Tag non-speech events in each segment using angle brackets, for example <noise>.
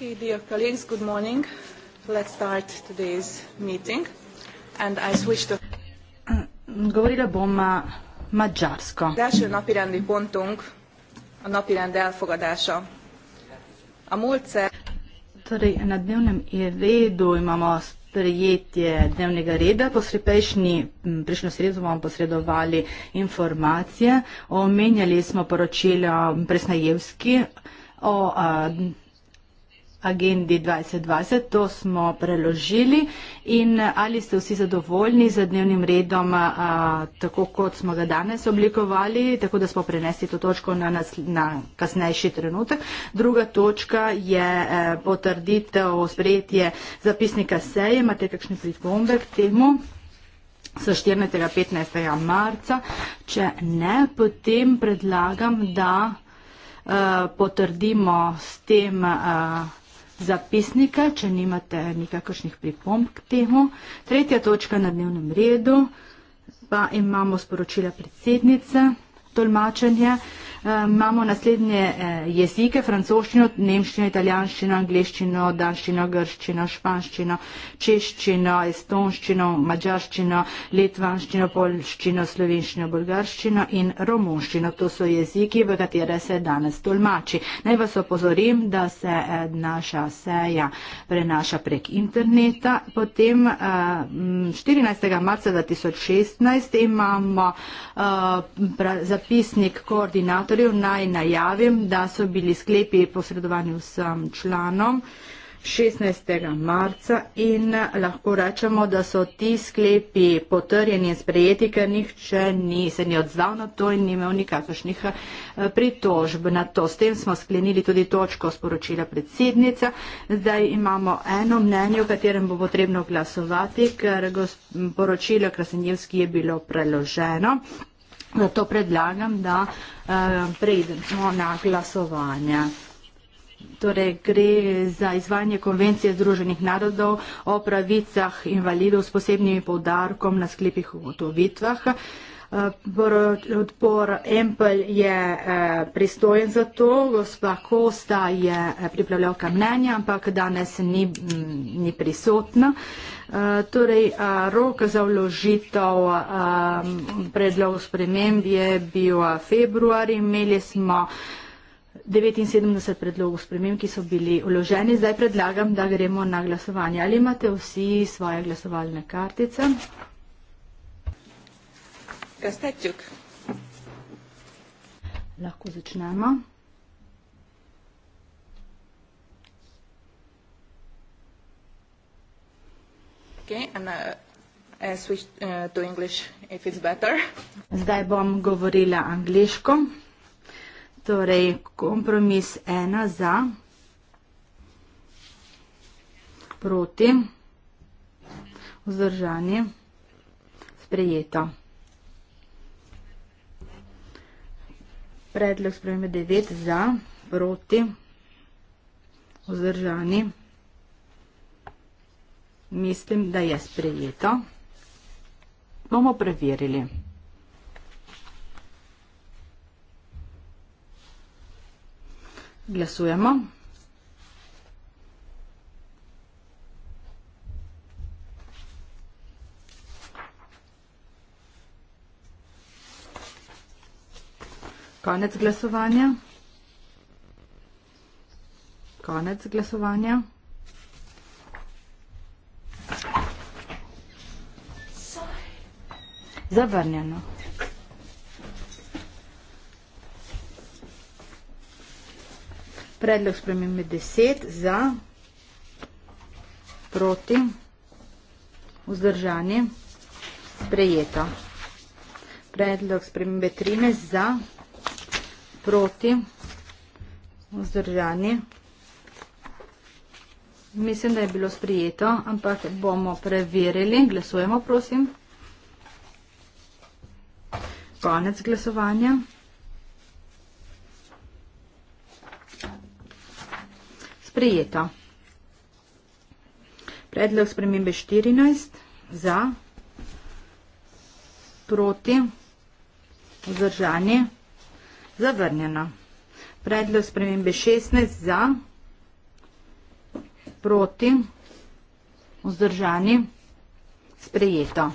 Okay, dear colleagues, good morning. Let's start today's meeting. And I switch to. Govorila bom ma uh, mađarsko. Első napirendi pontunk a napirend elfogadása. A múltszer... Torej, na dnevnem redu imamo sprejetje dnevnega reda. Posrepejšnji, prejšnjo sredo bomo posredovali informacije. Omenjali smo poročilo Presnajevski o a, agendi 2020, to smo preložili in eh, ali ste vsi zadovoljni z dnevnim redom, a, eh, tako kot smo ga danes oblikovali, tako da smo prenesli to točko na, nas, na kasnejši trenutek. Druga točka je e, potrditev, sprejetje zapisnika seje. Imate kakšne pripombe k temu? So 14. in 15. marca. Če ne, potem predlagam, da e, potrdimo s tem. E, zapisnike, če nimate nikakršnih pripomb k temu. Tretja točka na dnevnem redu pa imamo sporočila predsednice, tolmačenje. Imamo naslednje eh, jezike, francoščino, nemščino, italijanščino, angliščino, danščino, grščino, španščino, češčino, estonščino, mađarščino, litvanščino, polščino, slovenščino, bolgarščino in romunščino. To so jeziki, v katere se danes tolmači. Naj vas opozorim, da se eh, naša seja prenaša prek interneta. Potem 14. Eh, marca 2016 imamo zapisnik koordinat organizatorjev naj najavim, da so bili sklepi posredovani vsem članom 16. marca in lahko rečemo, da so ti sklepi potrjeni in sprejeti, ker nihče ni, se ni odzval na to in ni imel nikakršnih eh, pritožb na to. S tem smo sklenili tudi točko sporočila predsednica. Zdaj imamo eno mnenje, v katerem bo potrebno glasovati, ker poročilo Krasenjevski je bilo preloženo. Zato predlagam, da eh, prejdemo na glasovanje. Torej gre za izvajanje konvencije Združenih narodov o pravicah invalidov s posebnimi povdarkom na sklepih ugotovitvah. Odpor Empel je eh, pristojen za to, gospa Kosta je eh, pripravljavka mnenja, ampak danes ni, mm, ni prisotna. Eh, torej, eh, rok za vložitev eh, predlog sprememb je bil februar. Imeli smo 79 predlogov sprememb, ki so bili vloženi. Zdaj predlagam, da gremo na glasovanje. Ali imate vsi svoje glasovalne kartice? Lahko začnemo. Okay, and uh, I switch uh, to English if it's better. Zdaj bom govorila angliško. Torej, kompromis ena za, proti, vzdržanje, sprejeto. Predlog spremembe 9 za, proti, vzdržanje, sprejeto mislim, da je sprejeto. Bomo preverili. Glasujemo. Konec glasovanja. Konec glasovanja. zavrnjeno. Predlog spremembe 10 za, proti, vzdržanje, sprejeto. Predlog spremembe 13 za, proti, vzdržanje. Mislim, da je bilo sprejeto, ampak bomo preverili. Glasujemo, prosim konec glasovanja. Sprejeto. Predlog spremembe 14 za, proti, vzdržanje, zavrnjeno. Predlog spremembe 16 za, proti, vzdržanje, sprejeto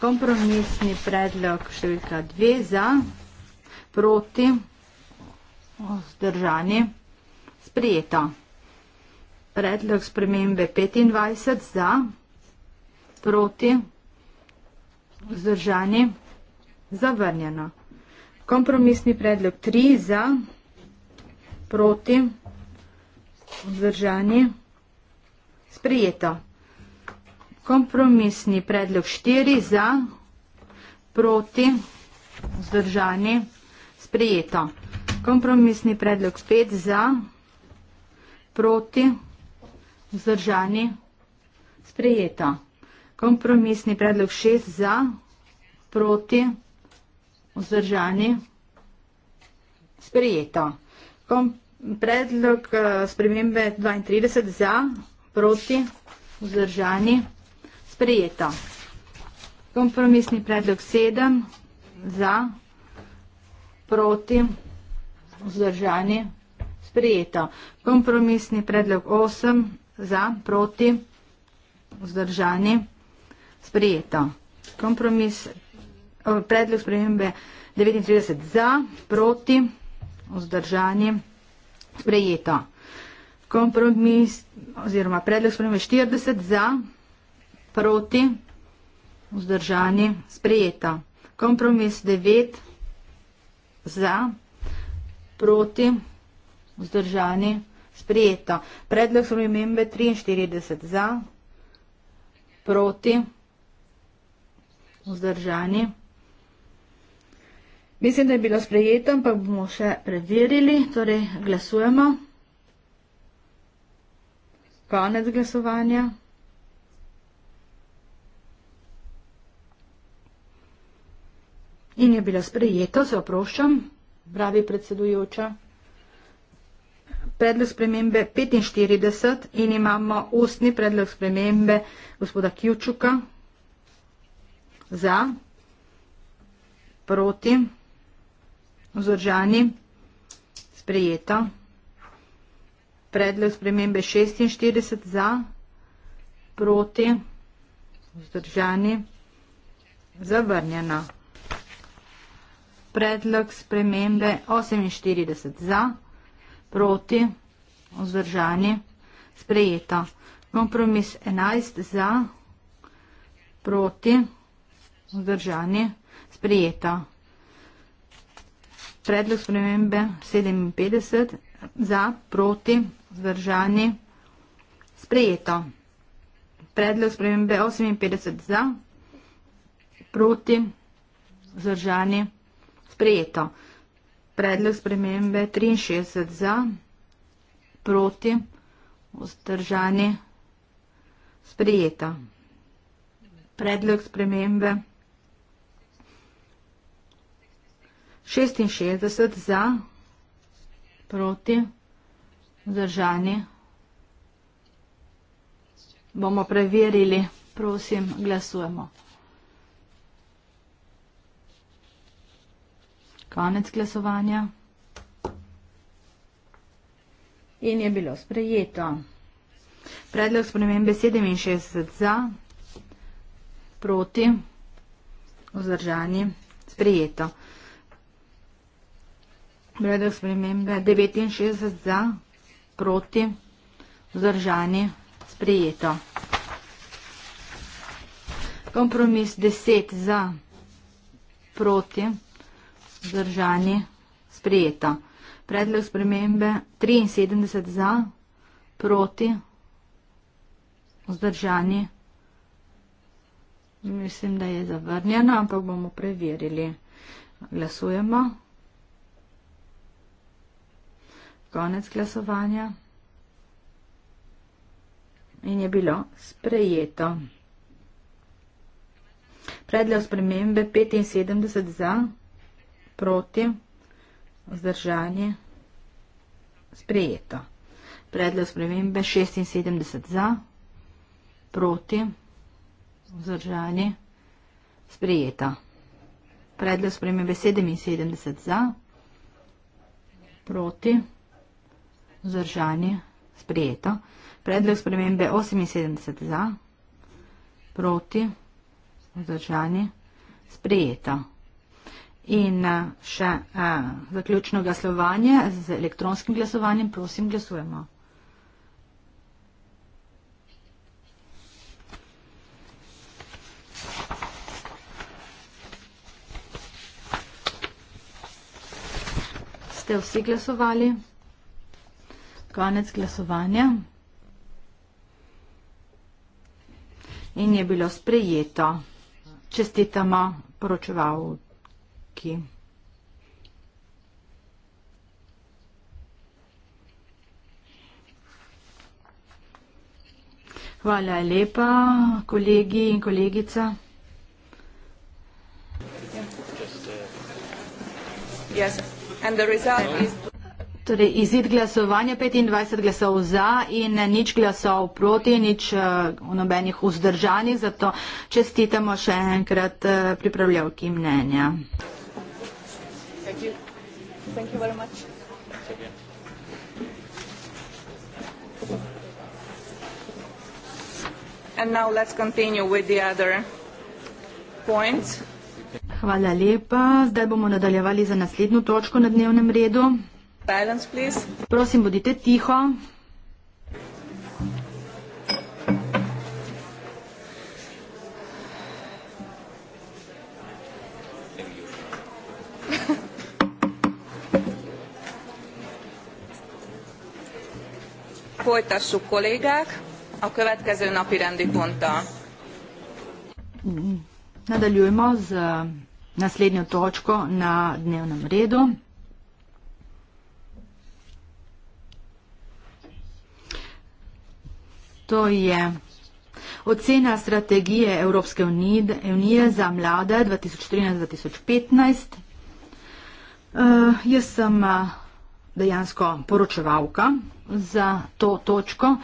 kompromisni predlog številka 2 za, proti, vzdržani, sprijeto. Predlog spremembe 25 za, proti, vzdržani, zavrnjeno. Kompromisni predlog 3 za, proti, vzdržani, sprijeto kompromisni predlog 4 za, proti, vzdržani, sprejeto. Kompromisni predlog 5 za, proti, vzdržani, sprejeto. Kompromisni predlog 6 za, proti, vzdržani, sprejeto. Predlog eh, spremembe 32 za, proti, vzdržani, sprejeto sprejeto. Kompromisni predlog 7 za, proti, vzdržanje, sprejeto. Kompromisni predlog 8 za, proti, vzdržanje, sprejeto. Kompromis, predlog spremembe 39 za, proti, vzdržanje, sprejeto. Kompromis oziroma predlog spremembe 40 za, proti, vzdržanje, sprejeto proti, vzdržani, sprejeta. Kompromis 9, za, proti, vzdržani, sprejeta. Predlog so imembe 43, za, proti, vzdržani. Mislim, da je bilo sprejeto, ampak bomo še preverili, torej glasujemo. Konec glasovanja. in je bilo sprejeto, se oproščam, pravi predsedujoča. Predlog spremembe 45 in imamo ustni predlog spremembe gospoda Kjučuka za, proti, vzdržani, sprejeto. Predlog spremembe 46 za, proti, vzdržani, zavrnjeno predlog spremembe 48 za, proti, vzdržani, sprejeto. Kompromis 11 za, proti, vzdržani, sprejeto. Predlog spremembe 57 za, proti, vzdržani, sprejeto. Predlog spremembe 58 za, proti, vzdržani, sprejeto sprejeto. Predlog spremembe 63 za, proti, vzdržani, sprejeto. Predlog spremembe 66 za, proti, vzdržani. Bomo preverili, prosim, glasujemo. Konec glasovanja. In je bilo sprejeto. Predlog spremembe 67 za, proti, vzdržani, sprejeto. Predlog spremembe 69 za, proti, vzdržani, sprejeto. Kompromis 10 za, proti, vzdržani vzdržani, sprejeta. Predlog spremembe 73 za, proti, vzdržani. Mislim, da je zavrnjena, ampak bomo preverili. Glasujemo. Konec glasovanja. In je bilo sprejeto. Predlog spremembe 75 za proti, vzdržanje, sprejeto. Predlog spremembe 76 za, proti, vzdržanje, sprejeto. Predlog spremembe 77 za, proti, vzdržanje, sprejeto. Predlog spremembe 78 za, proti, vzdržanje, sprejeto. In eh, še eh, zaključno glasovanje z elektronskim glasovanjem. Prosim, glasujemo. Ste vsi glasovali? Konec glasovanja. In je bilo sprejeto. Čestitamo poročevalcu trenutki. Hvala lepa, kolegi in kolegica. Torej, izid glasovanja 25 glasov za in nič glasov proti, nič v eh, nobenih vzdržanih, zato čestitamo še enkrat eh, pripravljavki mnenja. Thank you very much. And now let's continue with the other points. Hvala lepa. Zdaj bomo nadaljevali za naslednjo točko na dnevnem redu. Silence, please. Prosim, bodite tiho. folytassuk, kollégák, a következő napi rendi ponttal. Nadaljujemo z eh, naslednjo točko na dnevnem redu. To je ocena strategije Evropske unije za mlade 2013-2015. Eh, jaz sem eh, dejansko poročevalka za to točko.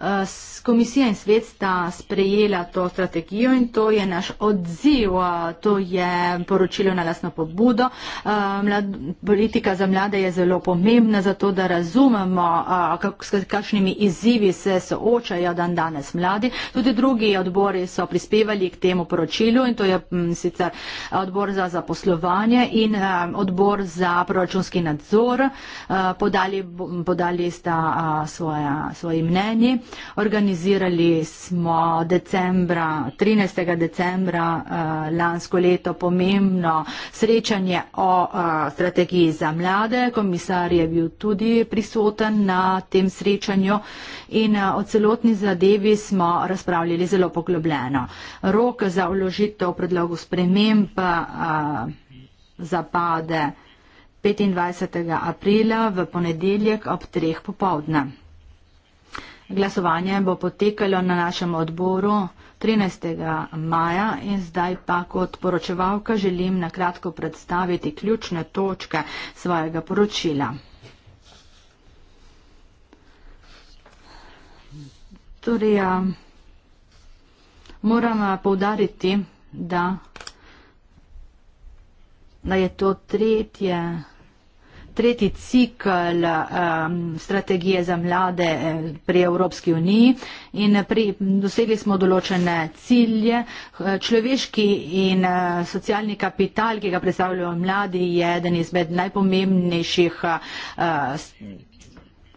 Eh, komisija in svet sta sprejela to strategijo in to je naš odziv, eh, to je poročilo na lasno pobudo. Eh, mlad, politika za mlade je zelo pomembna, zato da razumemo, s kakšnimi izzivi se soočajo dan danes mladi. Tudi drugi odbori so prispevali k temu poročilu in to je mm, sicer odbor za zaposlovanje in odbor za proračunski nadzor. Podali, podali sta svoje, svoje mnenje. Organizirali smo decembra, 13. decembra uh, lansko leto pomembno srečanje o uh, strategiji za mlade. Komisar je bil tudi prisoten na tem srečanju in uh, o celotni zadevi smo razpravljali zelo poglobljeno. Rok za vložitev predlogu sprememb uh, zapade 25. aprila v ponedeljek ob treh popovdne. Glasovanje bo potekalo na našem odboru 13. maja in zdaj pa kot poročevalka želim nakratko predstaviti ključne točke svojega poročila. Torej, ja, moram eh, povdariti, da, da je to tretje tretji cikl um, strategije za mlade eh, pri Evropski uniji in eh, pri, dosegli smo določene cilje. Človeški in eh, socialni kapital, ki ga predstavljajo mladi, je eden izmed najpomembnejših uh,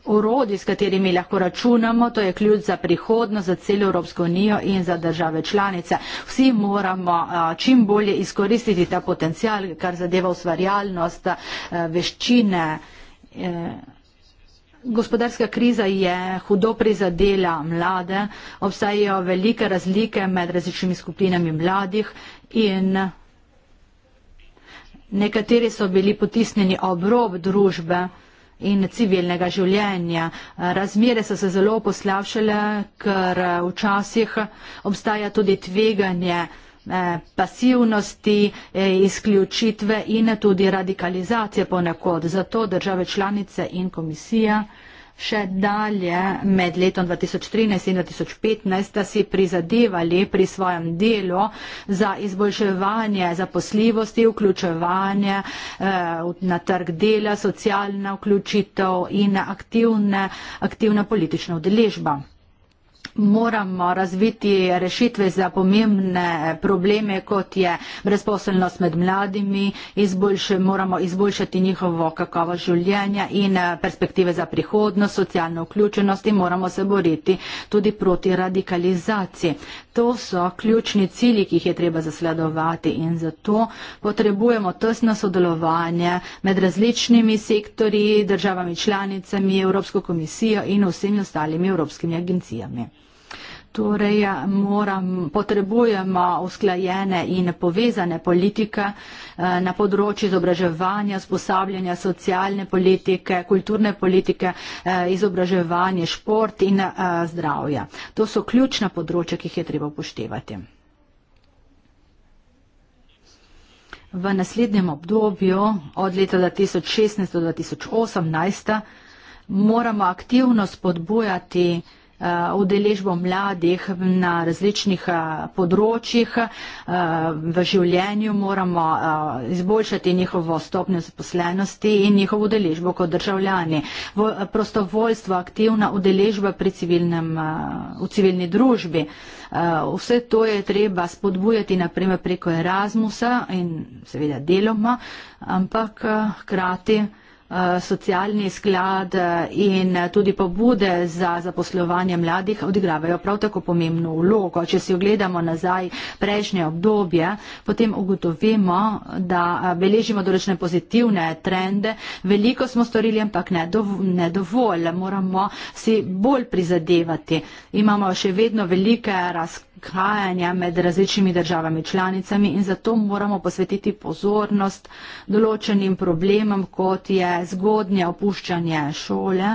Urodi, s katerimi lahko računamo, to je ključ za prihodnost, za celo Evropsko unijo in za države članice. Vsi moramo čim bolje izkoristiti ta potencial, kar zadeva ustvarjalnost, veščine. E, Gospodarska kriza je hudo prizadela mlade, obstajajo velike razlike med različnimi skupinami mladih in nekateri so bili potisnjeni ob rob družbe in civilnega življenja. Razmere so se zelo poslavšale, ker eh, včasih obstaja tudi tveganje eh, pasivnosti, eh, izključitve in tudi radikalizacije ponekod. Zato države članice in komisija še dalje med letom 2013 in 2015 sta si prizadevali pri svojem delu za izboljševanje zaposljivosti, vključevanje eh, na trg dela, socialna vključitev in aktivne, aktivna politična udeležba moramo razviti rešitve za pomembne probleme, kot je brezposelnost med mladimi, izboljš moramo izboljšati njihovo kakovo življenja in eh, perspektive za prihodnost, socialno vključenost in moramo se boriti tudi proti radikalizaciji. To so ključni cilji, ki jih je treba zasledovati in zato potrebujemo tesno sodelovanje med različnimi sektorji, državami članicami, Evropsko komisijo in vsemi ostalimi evropskimi agencijami. Torej ja, moram, potrebujemo usklajene in povezane politike na področju izobraževanja, sposabljanja, socialne politike, kulturne politike, izobraževanje, šport in zdravja. To so ključna področja, ki jih je treba upoštevati. V naslednjem obdobju od leta 2016 do 2018 moramo aktivno spodbujati Eh, udeležbo mladih na različnih eh, področjih eh, v življenju, moramo izboljšati njihovo stopnjo zaposlenosti in njihovo udeležbo kot državljani. Prostovoljstvo, aktivna udeležba civilnem, v civilni družbi, vse to je treba spodbujati naprimer preko Erasmusa in seveda deloma, ampak hkrati Eh, socialni sklad eh, in eh, tudi pobude za zaposlovanje mladih odigravajo prav tako pomembno vlogo. Če si ogledamo nazaj prejšnje obdobje, potem ugotovimo, da beležimo določene pozitivne trende. Veliko smo storili, ampak ne, dov ne dovolj. Moramo si bolj prizadevati. Imamo še vedno velike razkrite prihajanja med različnimi državami članicami in zato moramo posvetiti pozornost določenim problemom, kot je zgodnje opuščanje šole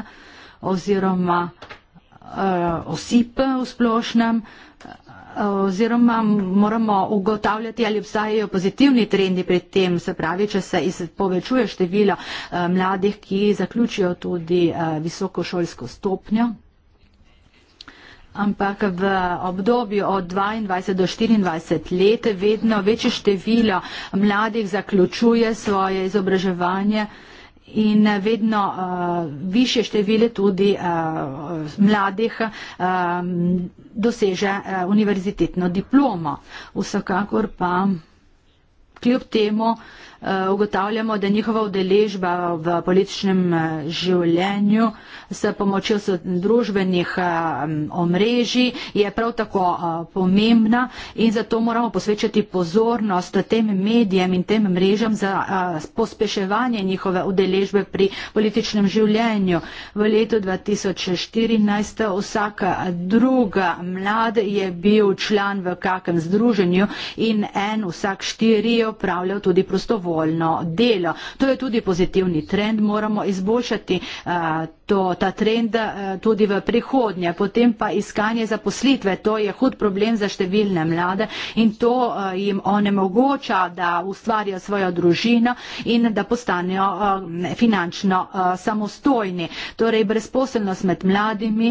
oziroma uh, osip v splošnem eh, oziroma moramo ugotavljati, ali obstajajo pozitivni trendi pri tem, se pravi, če se povečuje število eh, mladih, ki zaključijo tudi visokošolsko stopnjo ampak v obdobju od 22 do 24 let vedno večje število mladih zaključuje svoje izobraževanje in vedno uh, eh, više število tudi uh, mladih uh, doseže uh, univerzitetno diplomo. Vsekakor pa kljub temu eh, ugotavljamo, da njihova udeležba v političnem eh, življenju s pomočjo družbenih eh, omrežij je prav tako pomembna in zato moramo posvečati pozornost tem medijem in tem mrežam za pospeševanje njihove udeležbe pri političnem življenju. V letu 2014 vsaka druga mlad je bil član v kakem združenju in en vsak štirijo opravljal tudi prostovoljno delo. To je tudi pozitivni trend, moramo izboljšati. Uh, to, ta trend eh, tudi v prihodnje. Potem pa iskanje zaposlitve, to je hud problem za številne mlade in to eh, jim onemogoča, da ustvarijo svojo družino in da postanejo eh, finančno samostojni. Torej, brezposelnost med mladimi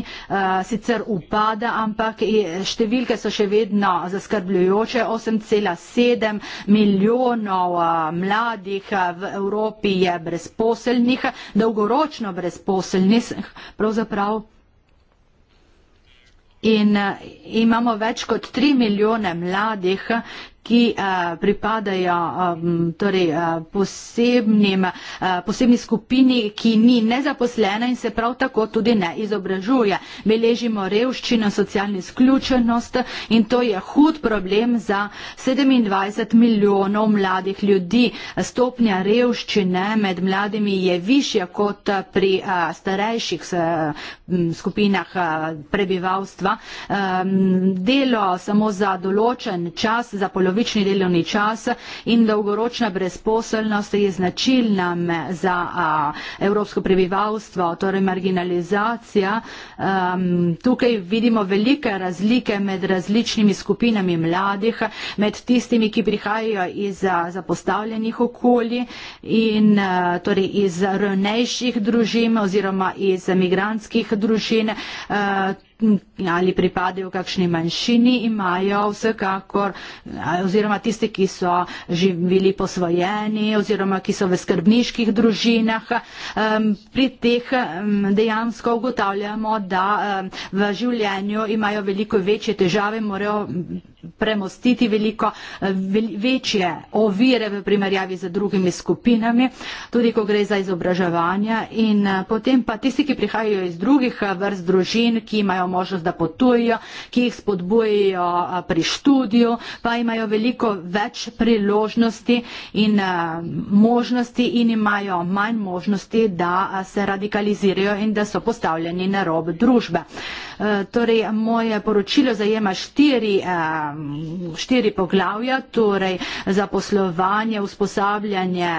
sicer upada, ampak številke so še vedno zaskrbljujoče. 8,7 milijonov mladih v Evropi je brezposelnih, dolgoročno brezposelnih prinesek pravzaprav. In eh, imamo več kot tri milijone mladih, ki eh, pripadajo eh, torej, eh, posebnim, eh, posebni skupini, ki ni nezaposlena in se prav tako tudi ne izobražuje. Beležimo revščino, socialno izključenost in to je hud problem za 27 milijonov mladih ljudi. Stopnja revščine med mladimi je višja kot pri eh, starejših eh, skupinah eh, prebivalstva. Eh, delo samo za določen čas, za polovico polovični delovni čas in dolgoročna brezposelnost je značilna za a, evropsko prebivalstvo, torej marginalizacija. Um, tukaj vidimo velike razlike med različnimi skupinami mladih, med tistimi, ki prihajajo iz zapostavljenih okolij in a, torej iz rnejših družin oziroma iz migrantskih družin. A, ali pripadajo kakšni manjšini, imajo vsekakor, oziroma tisti, ki so živeli posvojeni, oziroma ki so v skrbniških družinah, pri teh dejansko ugotavljamo, da v življenju imajo veliko večje težave, morajo premostiti veliko večje ovire v primerjavi z drugimi skupinami, tudi ko gre za izobraževanje in eh, potem pa tisti, ki prihajajo iz drugih eh, vrst družin, ki imajo možnost, da potujejo, ki jih spodbujejo eh, pri študiju, pa imajo veliko več priložnosti in možnosti in imajo manj možnosti, da se radikalizirajo in da so postavljeni na rob družbe. Torej, moje poročilo zajema štiri štiri poglavja, torej zaposlovanje, usposabljanje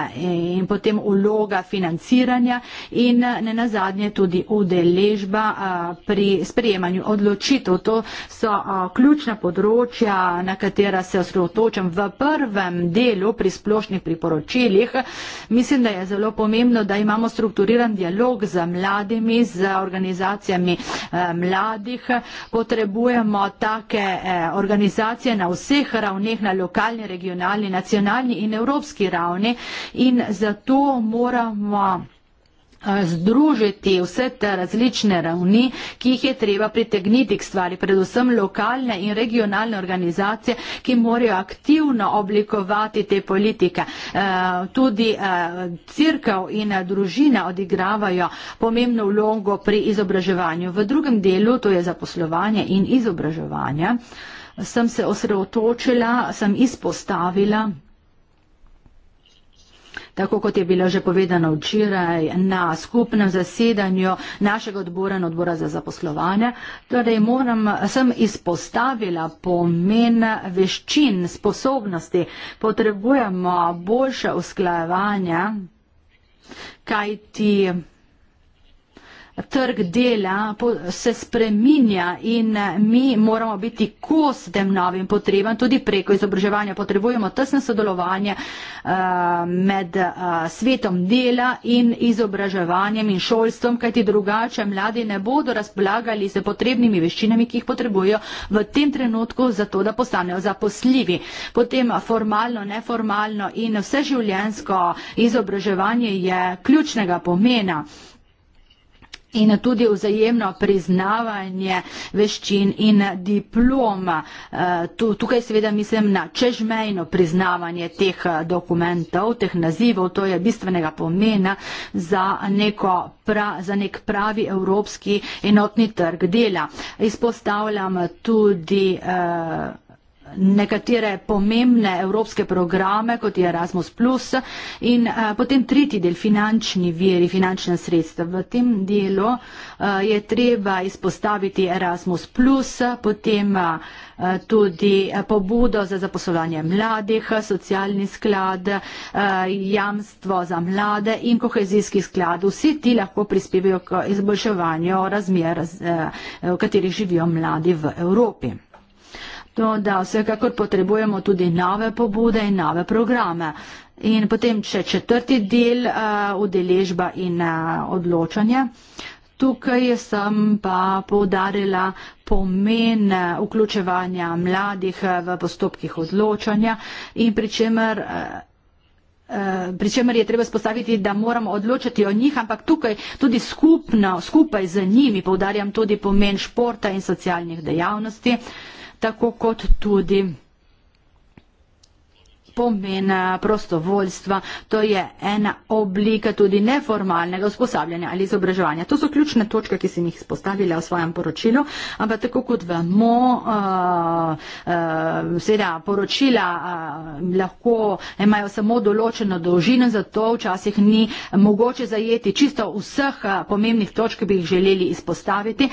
in potem uloga financiranja in ne nazadnje tudi udeležba pri sprejemanju odločitev. To so ključna področja, na katera se osredotočam v prvem delu pri splošnih priporočilih. Mislim, da je zelo pomembno, da imamo strukturiran dialog z mladimi, z organizacijami mladih. Potrebujemo take organizacije, organizacije na vseh ravneh, na lokalni, regionalni, nacionalni in evropski ravni in zato moramo eh, združiti vse te različne ravni, ki jih je treba pritegniti k stvari, predvsem lokalne in regionalne organizacije, ki morajo aktivno oblikovati te politike. Eh, tudi eh, crkav in družina odigravajo pomembno vlogo pri izobraževanju. V drugem delu to je zaposlovanje in izobraževanje sem se osredotočila, sem izpostavila, tako kot je bilo že povedano včeraj na skupnem zasedanju našega odbora in odbora za zaposlovanje, torej moram, sem izpostavila pomen veščin, sposobnosti, potrebujemo boljše usklajevanje, kaj ti trg dela se spreminja in mi moramo biti kos tem novim potrebam, tudi preko izobraževanja potrebujemo tesne sodelovanje eh, med eh, svetom dela in izobraževanjem in šolstvom, kajti drugače mladi ne bodo razplagali z potrebnimi veščinami, ki jih potrebujo v tem trenutku za to, da postanejo zaposljivi. Potem formalno, neformalno in vseživljensko izobraževanje je ključnega pomena in tudi vzajemno priznavanje veščin in diploma. Eh, tukaj seveda mislim na čežmejno priznavanje teh eh, dokumentov, teh nazivov, to je bistvenega pomena za, pra, za nek pravi evropski enotni trg dela. Izpostavljam tudi uh, nekatere pomembne evropske programe, kot je Erasmus, in eh, potem tretji del finančni viri, finančna sredstva. V tem delu eh, je treba izpostaviti Erasmus, potem eh, tudi pobudo za zaposlovanje mladih, socialni sklad, jamstvo za mlade in kohezijski sklad. Vsi ti lahko prispevajo k izboljševanju razmer, v katerih živijo mladi v Evropi no, da vsekakor potrebujemo tudi nove pobude in nove programe. In potem še četrti del, eh, udeležba uh, in uh, odločanje. Tukaj sem pa povdarila pomen eh, vključevanja mladih v postopkih odločanja in pri čemer. Uh, pri čemer je treba spostaviti, da moramo odločati o njih, ampak tukaj tudi skupno, skupaj z njimi, povdarjam tudi pomen športa in socialnih dejavnosti. Uh, tako kot tudi pomena prostovoljstva, to je ena oblika tudi neformalnega usposabljanja ali izobraževanja. To so ključne točke, ki sem jih spostavila v svojem poročilu, ampak tako kot vemo, eh, eh, seveda poročila eh, lahko imajo samo določeno dolžino, zato včasih ni mogoče zajeti čisto vseh pomembnih točk, ki bi jih želeli izpostaviti.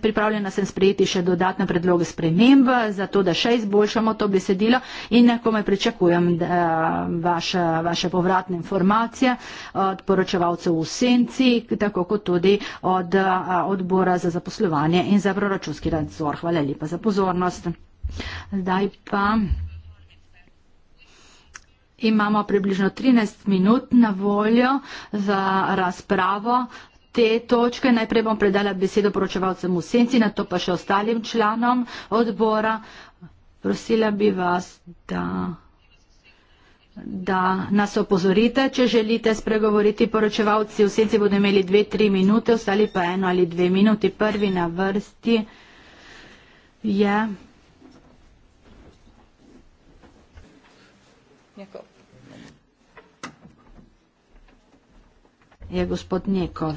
Pripravljena sem sprejeti še dodatne predloge sprememb, zato da še izboljšamo to besedilo in ko me pričakujem, pričakujem da, vaše, vaše povratne informacije od poročevalcev v senci, tako kot tudi od odbora za zaposlovanje in za proračunski nadzor. Hvala lepa za pozornost. Zdaj pa imamo približno 13 minut na voljo za razpravo te točke. Najprej bom predala besedo poročevalcem v senci, na to pa še ostalim članom odbora. Prosila bi vas, da da nas opozorite, če želite spregovoriti poročevalci. Vsi bodo imeli dve, tri minute, ostali pa eno ali dve minuti. Prvi na vrsti je. Je gospod Njekov.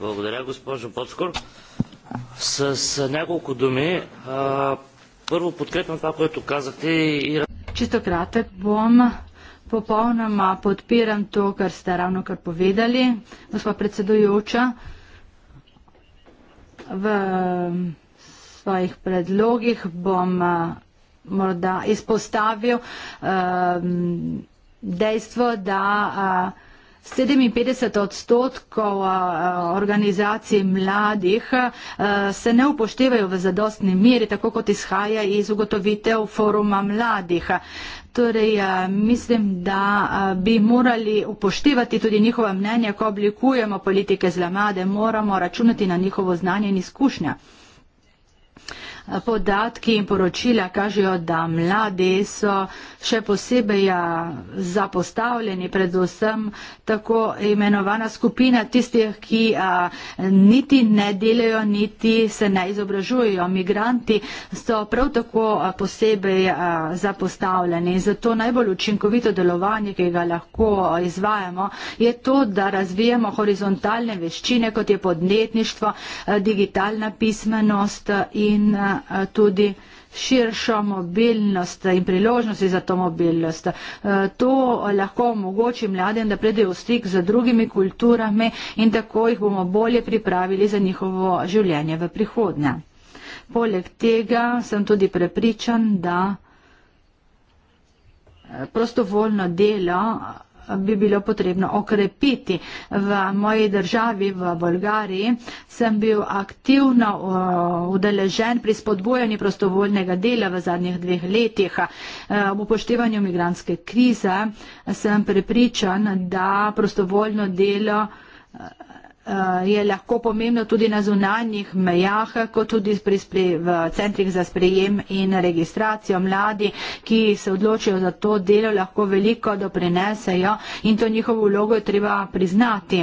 Благодаря, госпожо Подскор. С, с няколко думи. А, Prvo podkrepam to, kar kazate. Čisto kratek bom. Popolnoma podpiram to, kar ste ravno kar povedali, gospod predsedujoča. V svojih predlogih bom morda izpostavil um, dejstvo, da uh, 57 odstotkov organizacij mladih se ne upoštevajo v zadostni meri, tako kot izhaja iz ugotovitev foruma mladih. Torej, mislim, da bi morali upoštevati tudi njihova mnenja, ko oblikujemo politike zlamade, moramo računati na njihovo znanje in izkušnja podatki in poročila kažejo, da mladi so še posebej ja, zapostavljeni, predvsem tako imenovana skupina tistih, ki a, niti ne delajo, niti se ne izobražujejo. Migranti so prav tako posebej a, zapostavljeni. Zato najbolj učinkovito delovanje, ki ga lahko izvajamo, je to, da razvijamo horizontalne veščine, kot je podnetništvo, digitalna pismenost in Eh, tudi širšo mobilnost in priložnosti za to mobilnost. Eh, to lahko omogoči mladim, da pridejo v stik z drugimi kulturami in tako jih bomo bolje pripravili za njihovo življenje v prihodnje. Poleg tega sem tudi prepričan, da eh, prostovoljno delo bi bilo potrebno okrepiti. V moji državi, v Bolgariji, sem bil aktivno udeležen pri spodbojanju prostovoljnega dela v zadnjih dveh letih. V e, upoštevanju migranske krize sem prepričan, da prostovoljno delo Eh, je lahko pomembno tudi na zunanjih mejah, kot tudi pri, pri, v centrih za sprejem in registracijo. Mladi, ki se odločijo za to delo, lahko veliko doprinesejo in to njihovo vlogo je treba priznati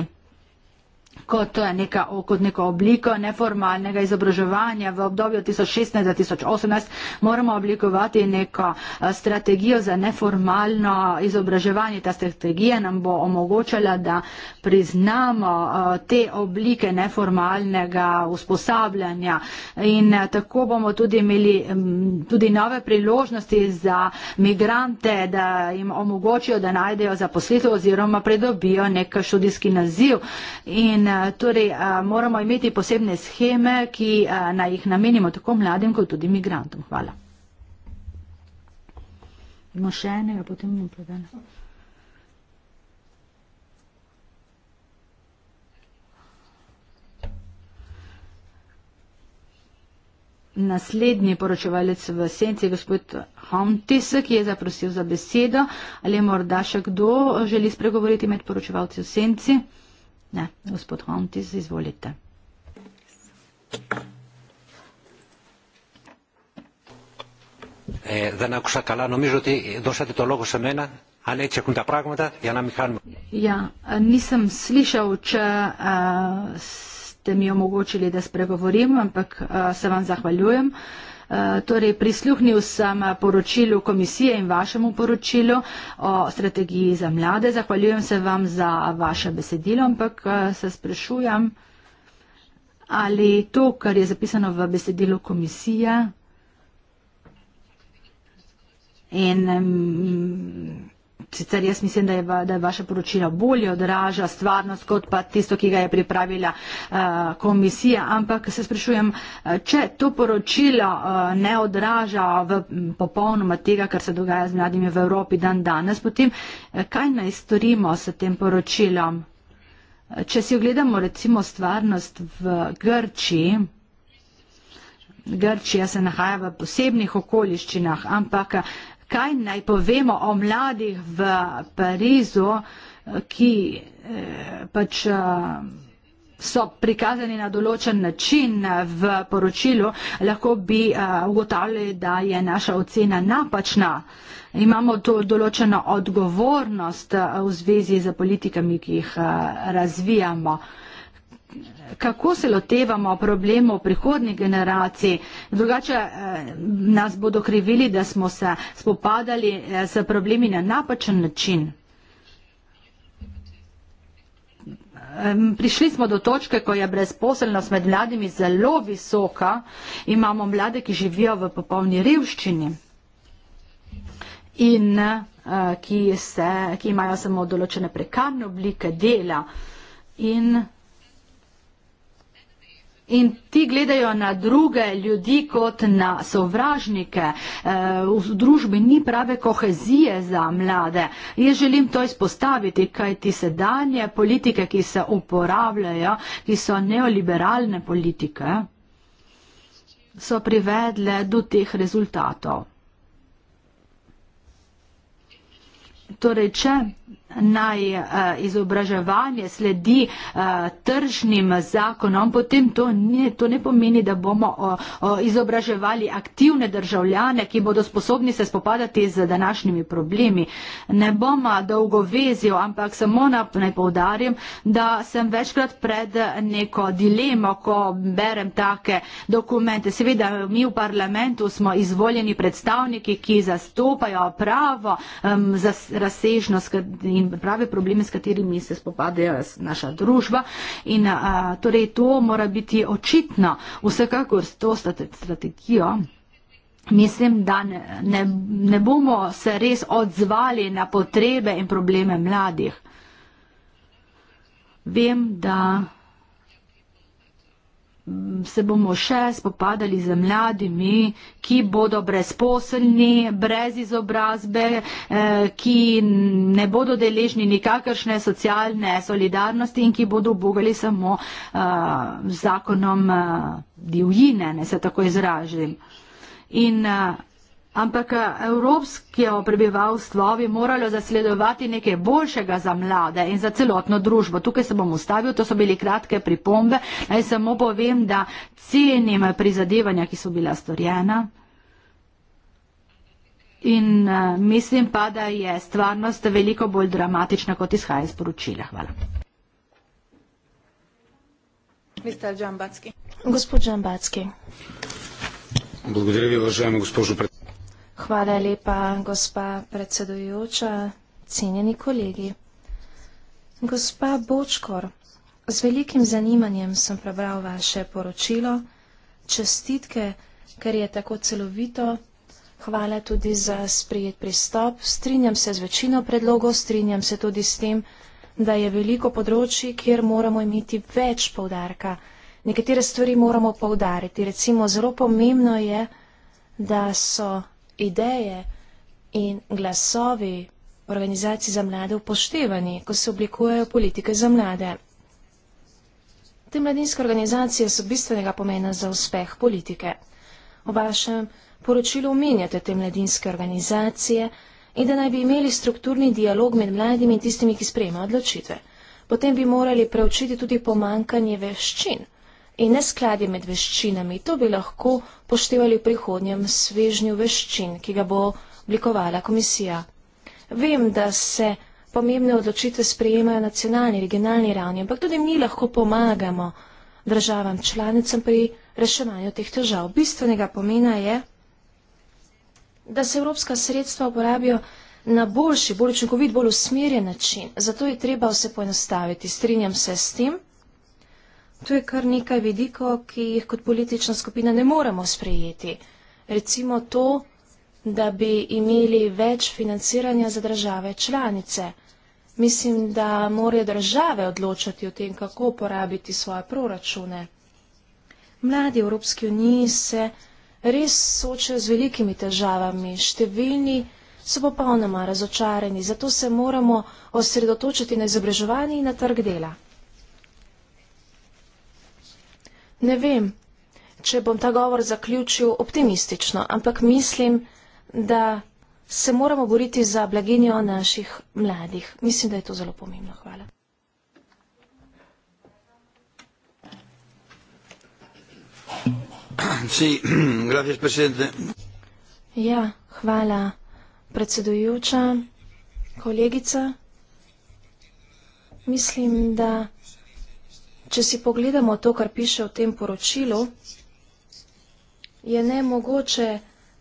kot neka, kot neko obliko neformalnega izobraževanja v obdobju 2016-2018 moramo oblikovati neko eh, strategijo za neformalno izobraževanje. Ta strategija nam bo omogočala, da priznamo eh, te oblike neformalnega usposabljanja in eh, tako bomo tudi imeli mm, tudi nove priložnosti za migrante, da jim omogočijo, da najdejo zaposlitev oziroma predobijo nek študijski naziv. In Eh, torej eh, moramo imeti posebne scheme, ki eh, naj jih namenimo tako mladim, kot tudi migrantom. Hvala. Imamo še enega, potem bomo povedali. Naslednji poročevalec v senci, gospod Homtis, ki je zaprosil za besedo. Ali morda še kdo želi spregovoriti med poročevalci v senci? Hvala. Ne, gospod Hontis, izvolite. Eh, da ne kuša kala, no mi že ti došati to logo semena, a ne če kunta pragmata, ja nam jih hanimo. Ja, nisem slišal, če uh, ste mi omogočili, da spregovorim, ampak uh, se vam zahvaljujem. Uh, Eh, torej, prisluhnil sem eh, poročilu komisije in vašemu poročilu o strategiji za mlade. Zahvaljujem se vam za vaše besedilo, ampak eh, se sprašujem, ali to, kar je zapisano v besedilu komisije in Sicer jaz mislim, da je, da je vaše poročilo bolje odraža stvarnost kot pa tisto, ki ga je pripravila eh, komisija, ampak se sprašujem, eh, če to poročilo eh, ne odraža v popolnoma tega, kar se dogaja z mladimi v Evropi dan danes, potem kaj naj storimo s tem poročilom? Če si ogledamo recimo stvarnost v Grčiji, Grčija se nahaja v posebnih okoliščinah, ampak kaj naj povemo o mladih v Parizu, ki eh, pač eh, so prikazani na določen način v poročilu, lahko bi eh, ugotavljali, da je naša ocena napačna. Imamo to določeno odgovornost v zvezi z politikami, ki jih razvijamo kako se lotevamo problemov prihodnih generacij. Drugače eh, nas bodo krivili, da smo se spopadali eh, s problemi na napačen način. Prišli smo do točke, ko je brezposelnost med mladimi zelo visoka. Imamo mlade, ki živijo v popolni revščini in eh, ki, se, ki imajo samo določene prekarne oblike dela. In in ti gledajo na druge ljudi kot na sovražnike. E, v družbi ni prave kohezije za mlade. Jaz želim to izpostaviti, kaj ti sedanje politike, ki se uporabljajo, ki so neoliberalne politike, so privedle do teh rezultatov. Torej, če naj eh, izobraževanje sledi eh, tržnim zakonom, potem to ne, to ne pomeni, da bomo izobraževali aktivne državljane, ki bodo sposobni se spopadati z današnjimi problemi. Ne bom eh, dolgo vezil, ampak samo naj povdarim, da sem večkrat pred neko dilemo, ko berem take dokumente. Seveda mi v parlamentu smo izvoljeni predstavniki, ki zastopajo pravo um, za razsežnost in in prave probleme, s katerimi se spopadajo naša družba. In a, torej to mora biti očitno. Vsekakor s to strategijo mislim, da ne, ne, ne bomo se res odzvali na potrebe in probleme mladih. Vem, da. Mm, se bomo še spopadali z mladimi, ki bodo brezposelni, brez izobrazbe, eh, ki ne bodo deležni nikakršne socialne solidarnosti in ki bodo bogali samo eh, zakonom eh, divjine, ne se tako izražim. In Ampak eh, evropsko prebivalstvo bi moralo zasledovati nekaj boljšega za mlade in za celotno družbo. Tukaj se bom ustavil, to so bili kratke pripombe. Naj samo povem, da cenim prizadevanja, ki so bila storjena. In eh, mislim pa, da je stvarnost veliko bolj dramatična, kot izhaja iz poročila. Hvala. Gospod Džambacki. Благодаря ви, уважаема госпожо председател. Hvala lepa, gospa predsedujoča, cenjeni kolegi. Gospa Bočkor, z velikim zanimanjem sem prebral vaše poročilo. Čestitke, ker je tako celovito. Hvala tudi za sprijet pristop. Strinjam se z večino predlogov, strinjam se tudi s tem, da je veliko področji, kjer moramo imeti več povdarka. Nekatere stvari moramo povdariti. Recimo, zelo pomembno je, da so ideje in glasovi organizacij za mlade upoštevani, ko se oblikujejo politike za mlade. Te mladinske organizacije so bistvenega pomena za uspeh politike. V vašem poročilu omenjate te mladinske organizacije in da naj bi imeli strukturni dialog med mladimi in tistimi, ki sprejemajo odločitve. Potem bi morali preučiti tudi pomankanje veščin, in ne skladje med veščinami. To bi lahko poštevali v prihodnjem svežnju veščin, ki ga bo oblikovala komisija. Vem, da se pomembne odločitve sprejemajo na nacionalni, regionalni ravni, ampak tudi mi lahko pomagamo državam članicam pri reševanju teh težav. Bistvenega pomena je, da se evropska sredstva uporabijo na boljši, bolj učinkovit, bolj usmerjen način. Zato je treba vse poenostaviti. Strinjam se s tem. Tu je kar nekaj vidikov, ki jih kot politična skupina ne moremo sprejeti. Recimo to, da bi imeli več financiranja za države članice. Mislim, da morajo države odločati o tem, kako porabiti svoje proračune. Mladi Evropski uniji se res soočajo z velikimi težavami, številni so popolnoma razočarani, zato se moramo osredotočiti na izobraževanje in na trg dela. Ne vem, če bom ta govor zaključil optimistično, ampak mislim, da se moramo boriti za blaginjo naših mladih. Mislim, da je to zelo pomembno. Hvala. <clears throat> Ja, hvala, predsedujoča, kolegica. Mislim, da če si pogledamo to, kar piše v tem poročilu, je ne mogoče,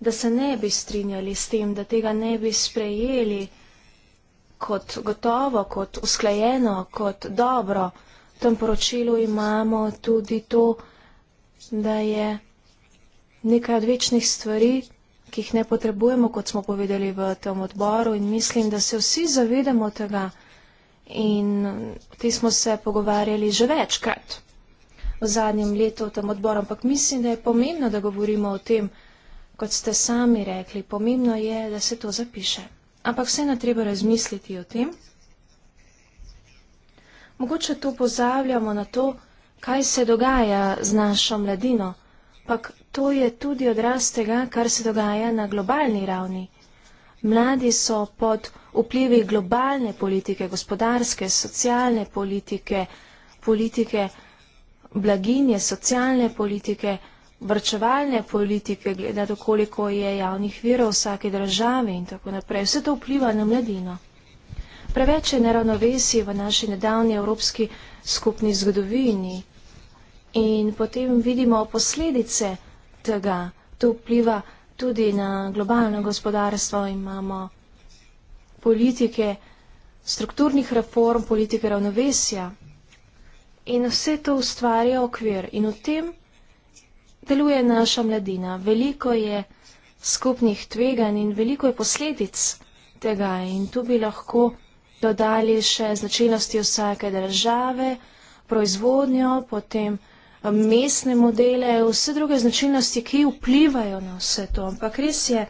da se ne bi strinjali s tem, da tega ne bi sprejeli kot gotovo, kot usklajeno, kot dobro. V tem poročilu imamo tudi to, da je nekaj od večnih stvari, ki jih ne potrebujemo, kot smo povedali v tem odboru in mislim, da se vsi zavedamo tega, In ti smo se pogovarjali že večkrat v zadnjem letu v tem odboru, ampak mislim, da je pomembno, da govorimo o tem, kot ste sami rekli, pomembno je, da se to zapiše. Ampak vse na treba razmisliti o tem. Mogoče tu pozavljamo na to, kaj se dogaja z našo mladino, pa to je tudi odraz tega, kar se dogaja na globalni ravni. Mladi so pod vplivi globalne politike, gospodarske, socialne politike, politike blaginje, socialne politike, vrčevalne politike, gledati, koliko je javnih virov v vsaki državi in tako naprej. Vse to vpliva na mladino. Preveč je neravnovesij v naši nedavni evropski skupni zgodovini in potem vidimo posledice tega. To vpliva na mladino tudi na globalno gospodarstvo imamo politike strukturnih reform, politike ravnovesja in vse to ustvarja okvir in v tem deluje naša mladina. Veliko je skupnih tveganj in veliko je posledic tega in tu bi lahko dodali še značilnosti vsake države, proizvodnjo, potem proizvodnjo, mestne modele, vse druge značilnosti, ki vplivajo na vse to. Ampak res je,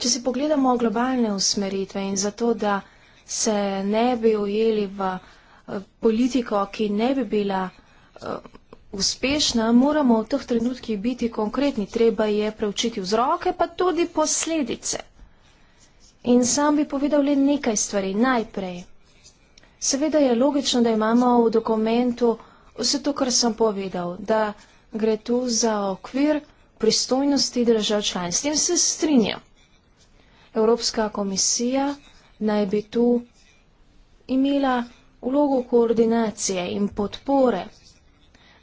če si pogledamo globalne usmeritve in zato, da se ne bi ujeli v eh, politiko, ki ne bi bila eh, uspešna, moramo v teh trenutkih biti konkretni. Treba je preučiti vzroke, pa tudi posledice. In sam bi povedal le nekaj stvari. Najprej. Seveda je logično, da imamo v dokumentu uh, Vse to, kar sem povedal, da gre tu za okvir pristojnosti držav član. S tem se strinjam. Evropska komisija naj bi tu imela vlogo koordinacije in podpore.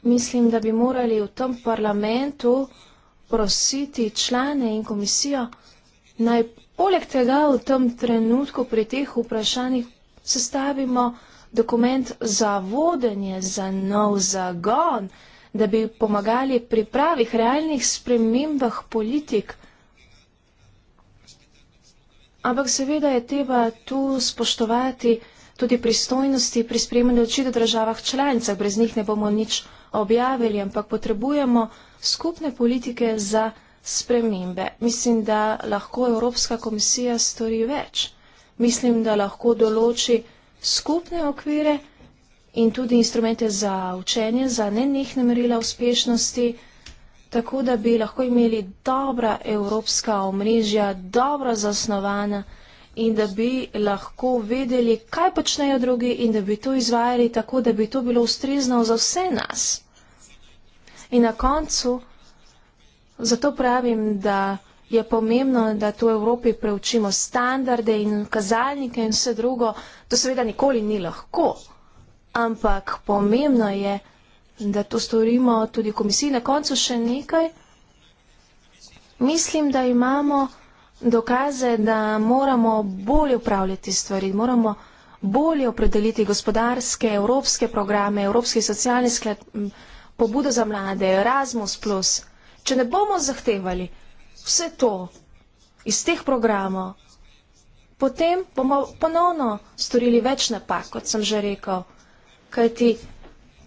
Mislim, da bi morali v tem parlamentu prositi člane in komisijo naj poleg tega v tem trenutku pri teh vprašanjih sestavimo vprašanje dokument za vodenje, za nov zagon, da bi pomagali pri pravih realnih spremembah politik. Ampak seveda je treba tu spoštovati tudi pristojnosti pri spremljanju oči do državah članicah, brez njih ne bomo nič objavili, ampak potrebujemo skupne politike za spremembe. Mislim, da lahko Evropska komisija stori več. Mislim, da lahko določi skupne okvire in tudi instrumente za učenje, za nenehne merila uspešnosti, tako da bi lahko imeli dobra evropska omrežja, dobro zasnovana in da bi lahko vedeli, kaj počnejo drugi in da bi to izvajali tako, da bi to bilo ustrezno za vse nas. In na koncu, zato pravim, da je pomembno, da tu v Evropi preučimo standarde in kazalnike in vse drugo. To seveda nikoli ni lahko, ampak pomembno je, da to storimo tudi komisiji. Na koncu še nekaj. Mislim, da imamo dokaze, da moramo bolje upravljati stvari, moramo bolje opredeliti gospodarske, evropske programe, evropski socialni sklad, pobudo za mlade, Erasmus. Če ne bomo zahtevali, vse to iz teh programov, potem bomo ponovno storili več napak, kot sem že rekel, kajti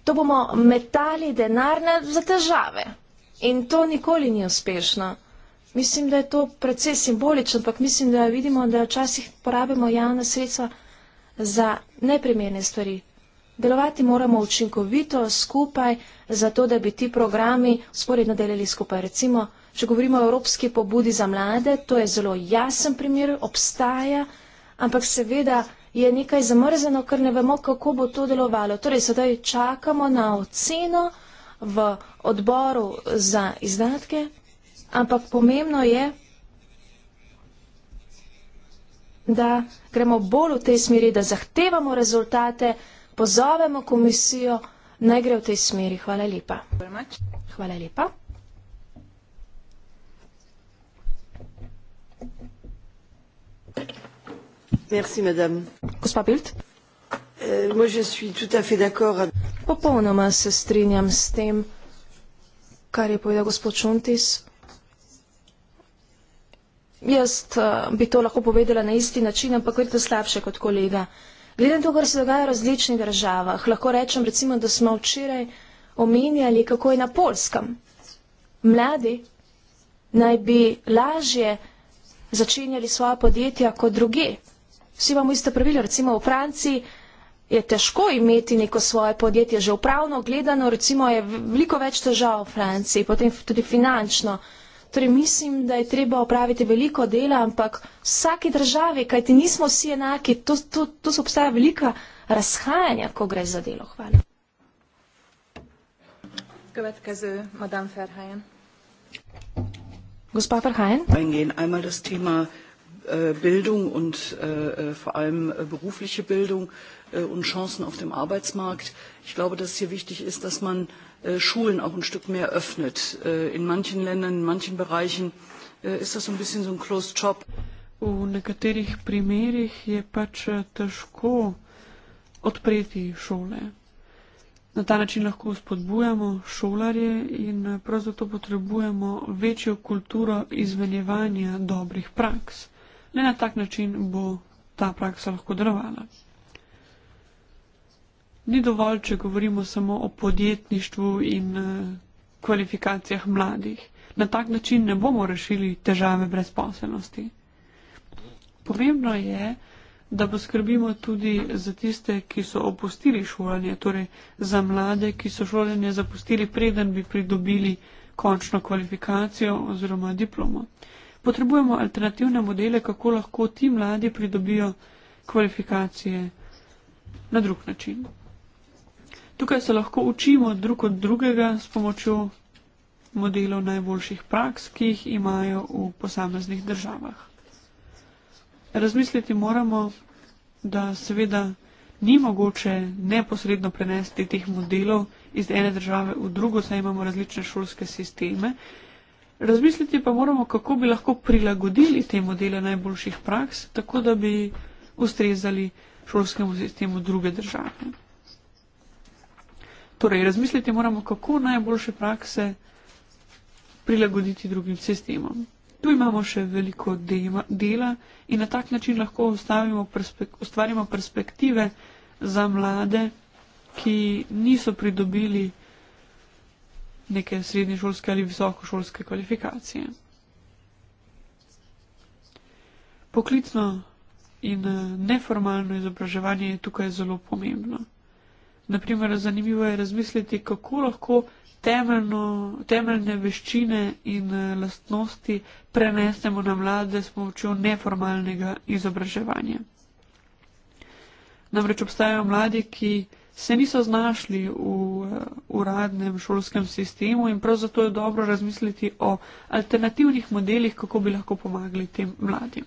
to bomo metali denarne za težave in to nikoli ni uspešno. Mislim, da je to precej simbolično, ampak mislim, da vidimo, da včasih porabimo javna sredstva za neprimerne stvari. Delovati moramo učinkovito skupaj, zato da bi ti programi sporedno delali skupaj. Recimo, Če govorimo o evropski pobudi za mlade, to je zelo jasen primer, obstaja, ampak seveda je nekaj zamrzeno, ker ne vemo, kako bo to delovalo. Torej, sedaj čakamo na oceno v odboru za izdatke, ampak pomembno je, da gremo bolj v tej smeri, da zahtevamo rezultate, pozovemo komisijo, naj gre v tej smeri. Hvala lepa. Hvala lepa. Merci, madame. Gospa Bild. Euh, moi, je suis tout à fait d'accord. Popolnoma se strinjam s tem, kar je povedal gospod Šuntis. Jaz eh, bi to lahko povedala na isti način, ampak vedno slabše kot kolega. Glede na to, kar se dogaja v različnih državah, lahko rečem recimo, da smo včeraj omenjali, kako je na Polskem. Mladi naj bi lažje začenjali svoje podjetja kot druge vsi imamo iste pravile, recimo v Franciji je težko imeti neko svoje podjetje, že upravno gledano, recimo je veliko več težav v Franciji, potem tudi finančno. Torej mislim, da je treba opraviti veliko dela, ampak v vsaki državi, kajti nismo vsi enaki, to, to, to so obstaja velika razhajanja, ko gre za delo. Hvala. Gospa Ferhajen. Äh, Bildung und äh, äh, vor allem berufliche Bildung und Chancen auf dem Arbeitsmarkt. Ich glaube, dass hier wichtig ist, dass man Schulen auch ein Stück mehr öffnet. In manchen Ländern, in manchen Bereichen ist das so ein bisschen so ein Closed Job. V nekaterih primerjih je pač težko odpreti šole. Na ta način lahko spodbujamo šolarje in prav zato potrebujemo večjo kulturo izvenjevanja dobrih praks. Le na tak način bo ta praksa lahko delovala. Ni dovolj, če govorimo samo o podjetništvu in eh, kvalifikacijah mladih. Na tak način ne bomo rešili težave brezposelnosti. Pomembno je, da poskrbimo tudi za tiste, ki so opustili šolanje, torej za mlade, ki so šolanje zapustili, preden bi pridobili končno kvalifikacijo oziroma diplomo potrebujemo alternativne modele, kako lahko ti mladi pridobijo kvalifikacije na drug način. Tukaj se lahko učimo drug od drugega s pomočjo modelov najboljših praks, ki jih imajo v posameznih državah. Razmisliti moramo, da seveda ni mogoče neposredno prenesti teh modelov iz ene države v drugo, saj imamo različne šolske sisteme, Razmisliti pa moramo, kako bi lahko prilagodili te modele najboljših praks, tako da bi ustrezali šolskemu sistemu druge države. Torej, razmisliti moramo, kako najboljše prakse prilagoditi drugim sistemom. Tu imamo še veliko dela in na tak način lahko perspek ustvarimo perspektive za mlade, ki niso pridobili neke srednješolske ali visokošolske kvalifikacije. Poklicno in eh, neformalno izobraževanje je tukaj zelo pomembno. Naprimer, zanimivo je razmisliti, kako lahko temeljno, temeljne veščine in eh, lastnosti prenesemo na mlade s pomočjo neformalnega izobraževanja. Namreč obstajajo mladi, ki se niso znašli v eh, uradnem šolskem sistemu in prav zato je dobro razmisliti o alternativnih modelih, kako bi lahko pomagali tem mladim.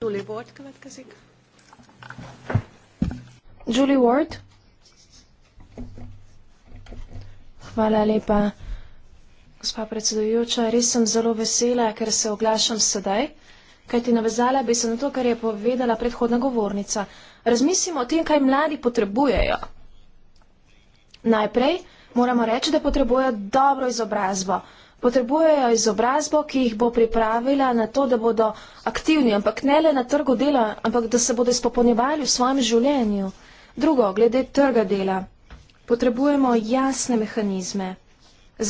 Julie Ward, kratka zika. Julie Ward. Hvala lepa, gospa predsedujoča. Res sem zelo vesela, ker se oglašam sedaj. Kajti navezala bi se na to, kar je povedala predhodna govornica. Razmislimo o tem, kaj mladi potrebujejo. Najprej moramo reči, da potrebujejo dobro izobrazbo. Potrebujejo izobrazbo, ki jih bo pripravila na to, da bodo aktivni, ampak ne le na trgu dela, ampak da se bodo izpopolnjevali v svojem življenju. Drugo, glede trga dela. Potrebujemo jasne mehanizme,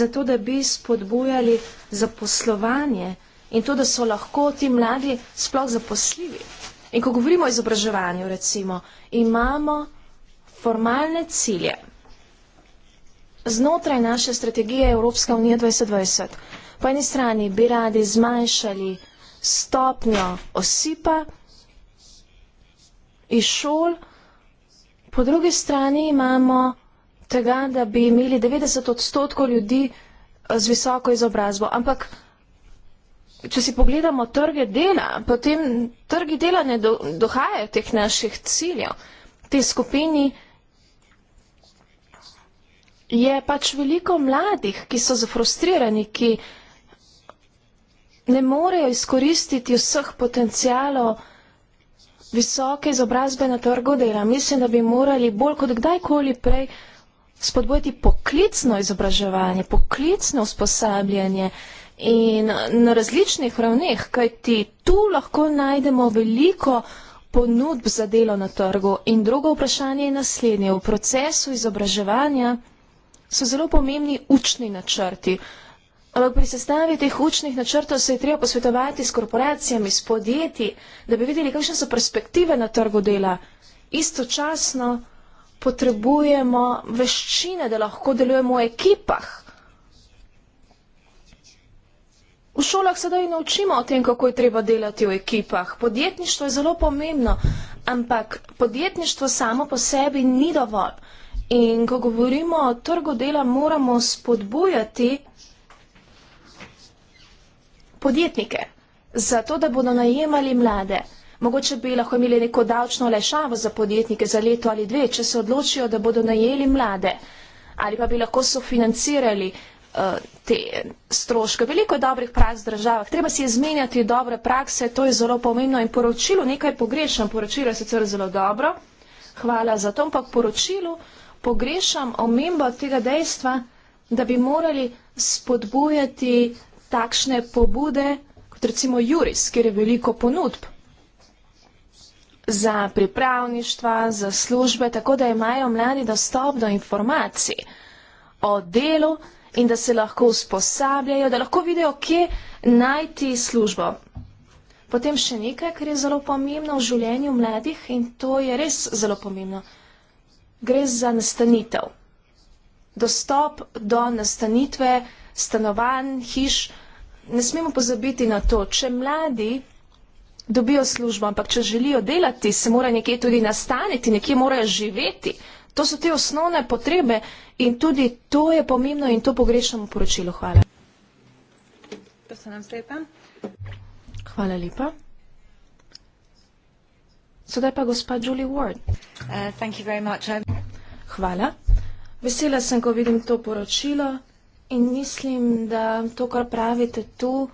zato da bi spodbujali zaposlovanje in to, da so lahko ti mladi sploh zaposljivi. In ko govorimo o izobraževanju, recimo, imamo formalne cilje. Znotraj naše strategije Evropska unija 2020, po eni strani bi radi zmanjšali stopnjo osipa iz šol, po drugi strani imamo tega, da bi imeli 90 odstotkov ljudi z visoko izobrazbo. Ampak če si pogledamo trge dela, potem trgi dela ne do, dohajajo teh naših ciljev. Te skupini je pač veliko mladih, ki so zafrustrirani, ki ne morejo izkoristiti vseh potencijalov visoke izobrazbe na trgu dela. Mislim, da bi morali bolj kot kdajkoli prej spodbojiti poklicno izobraževanje, poklicno usposabljanje, in na različnih ravneh, kajti tu lahko najdemo veliko ponudb za delo na trgu. In drugo vprašanje je naslednje. V procesu izobraževanja so zelo pomembni učni načrti. Ampak pri sestavi teh učnih načrtov se je treba posvetovati s korporacijami, s podjetji, da bi videli, kakšne so perspektive na trgu dela. Istočasno potrebujemo veščine, da lahko delujemo v ekipah. V šolah sedaj naučimo o tem, kako je treba delati v ekipah. Podjetništvo je zelo pomembno, ampak podjetništvo samo po sebi ni dovolj. In ko govorimo o trgu dela, moramo spodbujati podjetnike, zato da bodo najemali mlade. Mogoče bi lahko imeli neko davčno lešavo za podjetnike za leto ali dve, če se odločijo, da bodo najeli mlade. Ali pa bi lahko sofinancirali Eh, te stroške. Veliko je dobrih praks v državah, treba si izmenjati dobre prakse, to je zelo pomembno in poročilo, nekaj pogrešam, poročilo je sicer zelo dobro, hvala za to, ampak poročilo pogrešam omembo tega dejstva, da bi morali spodbujati takšne pobude, kot recimo Juris, kjer je veliko ponudb za pripravništva, za službe, tako da imajo mladi dostop do informacij o delu, in da se lahko usposabljajo, da lahko vidijo, kje najti službo. Potem še nekaj, kar je zelo pomembno v življenju mladih in to je res zelo pomembno. Gre za nastanitev. Dostop do nastanitve, stanovanj, hiš. Ne smemo pozabiti na to, če mladi dobijo službo, ampak če želijo delati, se mora nekje tudi nastaniti, nekje morajo živeti. To so te osnovne potrebe in tudi to je pomembno in to pogrešamo v poročilu. Hvala. To se nam sveta. Hvala lepa. Sedaj pa gospa Julie Ward. Uh, thank you very much. Hvala. Vesela sem, ko vidim to poročilo in mislim, da to, kar pravite tu,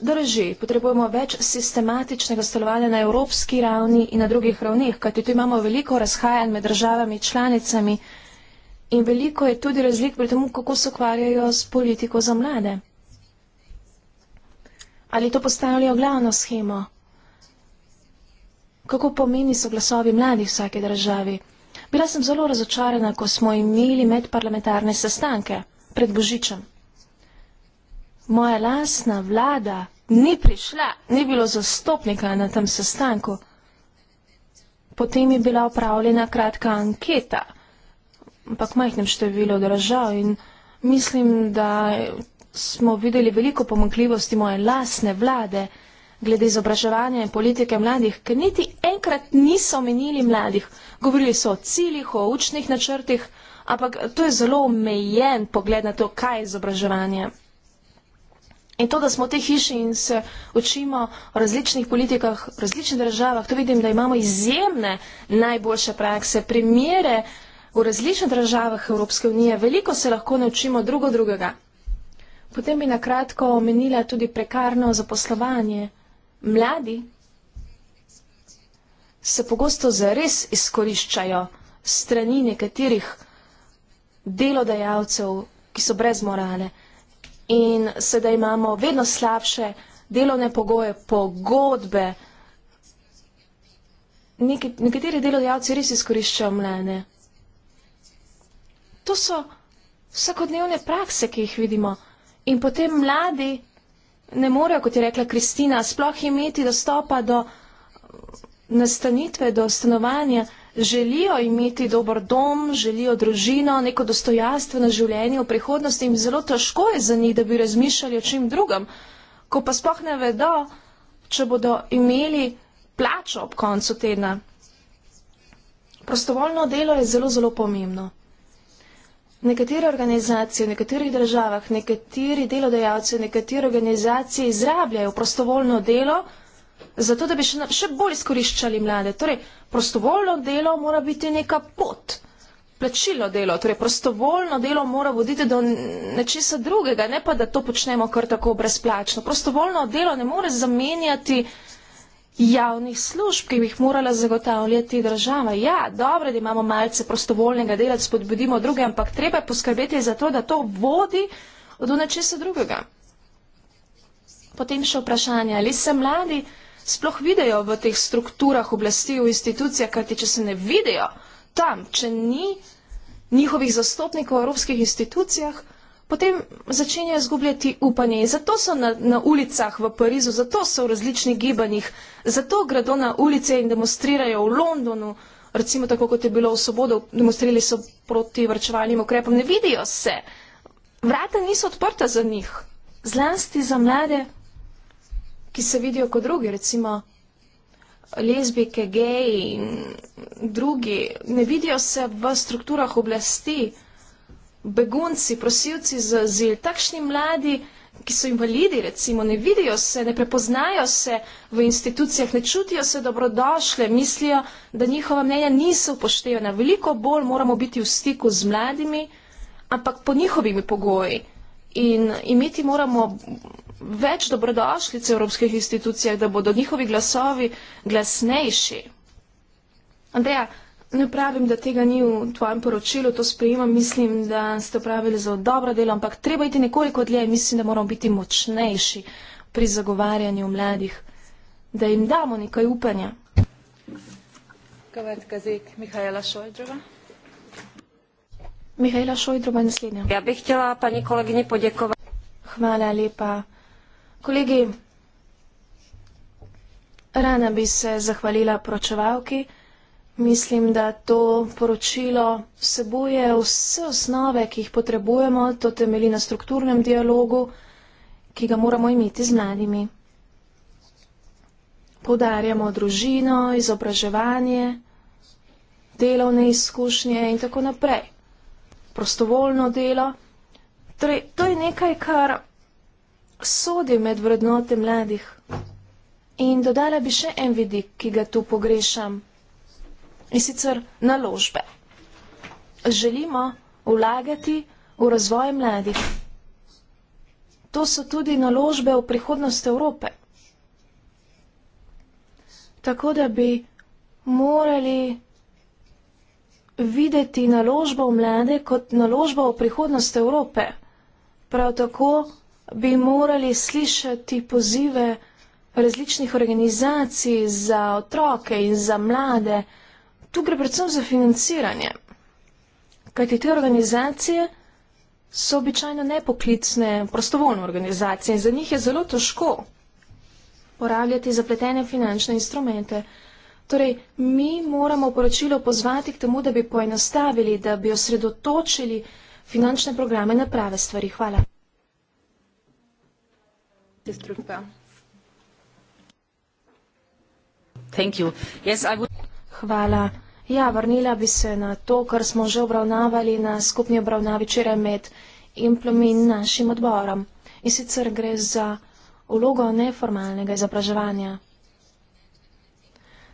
drži, potrebujemo več sistematičnega stolovanja na evropski ravni in na drugih ravnih, kajti tu imamo veliko razhajanj med državami, članicami in veliko je tudi razlik pri tem, kako se ukvarjajo s politiko za mlade. Ali to postavljajo glavno schemo? Kako pomeni so glasovi mladih vsake državi? Bila sem zelo razočarana, ko smo imeli medparlamentarne sestanke pred Božičem. Moja lasna vlada ni prišla, ni bilo zastopnika na tem sestanku. Potem je bila upravljena kratka anketa, ampak majhnem številu držav in mislim, da smo videli veliko pomakljivosti moje lasne vlade glede izobraževanja in politike mladih, ker niti enkrat niso omenili mladih. Govorili so o ciljih, o učnih načrtih, ampak to je zelo omejen pogled na to, kaj je izobraževanje. In to, da smo v tej hiši in se učimo o različnih politikah, različnih državah, to vidim, da imamo izjemne najboljše prakse, primere v različnih državah Evropske unije, veliko se lahko naučimo drugo drugega. Potem bi nakratko omenila tudi prekarno zaposlovanje. Mladi se pogosto zares izkoriščajo strani nekaterih delodajalcev, ki so brez morale in sedaj imamo vedno slabše delovne pogoje, pogodbe. Nekateri delodajalci res izkoriščajo mlene. To so vsakodnevne prakse, ki jih vidimo. In potem mladi ne morejo, kot je rekla Kristina, sploh imeti dostopa do nastanitve, do stanovanja želijo imeti dober dom, želijo družino, neko dostojanstveno življenje v prihodnosti in zelo težko je za njih, da bi razmišljali o čem drugem, ko pa sploh ne vedo, če bodo imeli plačo ob koncu tedna. Prostovoljno delo je zelo, zelo pomembno. Nekatere organizacije v nekaterih državah, nekateri delodajalci v nekaterih organizacijah izrabljajo prostovoljno delo, zato da bi še, še bolj izkoriščali mlade. Torej, prostovoljno delo mora biti neka pot, plačilo delo, torej prostovoljno delo mora voditi do nečesa drugega, ne pa da to počnemo kar tako brezplačno. Prostovoljno delo ne more zamenjati javnih služb, ki bi jih morala zagotavljati država. Ja, dobro, da imamo malce prostovoljnega dela, da spodbudimo druge, ampak treba je poskrbeti za to, da to vodi do nečesa drugega. Potem še vprašanje, ali se mladi sploh vidijo v teh strukturah oblasti v institucijah, kajti če se ne vidijo tam, če ni njihovih zastopnikov v evropskih institucijah, potem začenjajo izgubljati upanje. In zato so na, na ulicah v Parizu, zato so v različnih gibanjih, zato gredo na ulice in demonstrirajo v Londonu, recimo tako, kot je bilo v sobodo, demonstrirali so proti vrčevalnim ukrepom. Ne vidijo se. Vrata niso odprta za njih. Zlasti za mlade ki se vidijo kot drugi, recimo lezbijke, geji in drugi, ne vidijo se v strukturah oblasti, begunci, prosilci za zil, takšni mladi, ki so invalidi, recimo, ne vidijo se, ne prepoznajo se v institucijah, ne čutijo se dobrodošle, mislijo, da njihova mnenja niso upoštevana. Veliko bolj moramo biti v stiku z mladimi, ampak po njihovimi pogoji. In imeti moramo več dobrodošlic v evropskih institucijah, da bodo njihovi glasovi glasnejši. Andreja, ne pravim, da tega ni v tvojem poročilu, to sprejemam, mislim, da ste upravili za dobro delo, ampak treba iti nekoliko dlje in mislim, da moramo biti močnejši pri zagovarjanju mladih, da jim damo nekaj upanja. Kavet Gazik, Mihajla Šojdrova. Mihajla Šojdrova je naslednja. Ja bih htjela pani kolegini poděkovat. Hvala lepa. Kolegi, rana bi se zahvalila pročevalki. Mislim, da to poročilo vsebuje vse osnove, ki jih potrebujemo, to temeli na strukturnem dialogu, ki ga moramo imeti z mladimi. Podarjamo družino, izobraževanje, delovne izkušnje in tako naprej. Prostovoljno delo. Torej, to je nekaj, kar sodi med vrednote mladih. In dodala bi še en vidik, ki ga tu pogrešam. In sicer naložbe. Želimo vlagati v razvoj mladih. To so tudi naložbe v prihodnost Evrope. Tako da bi morali videti naložbo v mlade kot naložbo v prihodnost Evrope. Prav tako bi morali slišati pozive različnih organizacij za otroke in za mlade. Tu gre predvsem za financiranje. Kajti te organizacije so običajno nepoklicne, prostovoljne organizacije in za njih je zelo težko uporabljati zapletene finančne instrumente. Torej, mi moramo poročilo pozvati k temu, da bi poenostavili, da bi osredotočili finančne programe na prave stvari. Hvala. Destrutka. Hvala. Ja, vrnila bi se na to, kar smo že obravnavali na skupni obravnavi včeraj med implom in našim odborom. In sicer gre za vlogo neformalnega izobraževanja.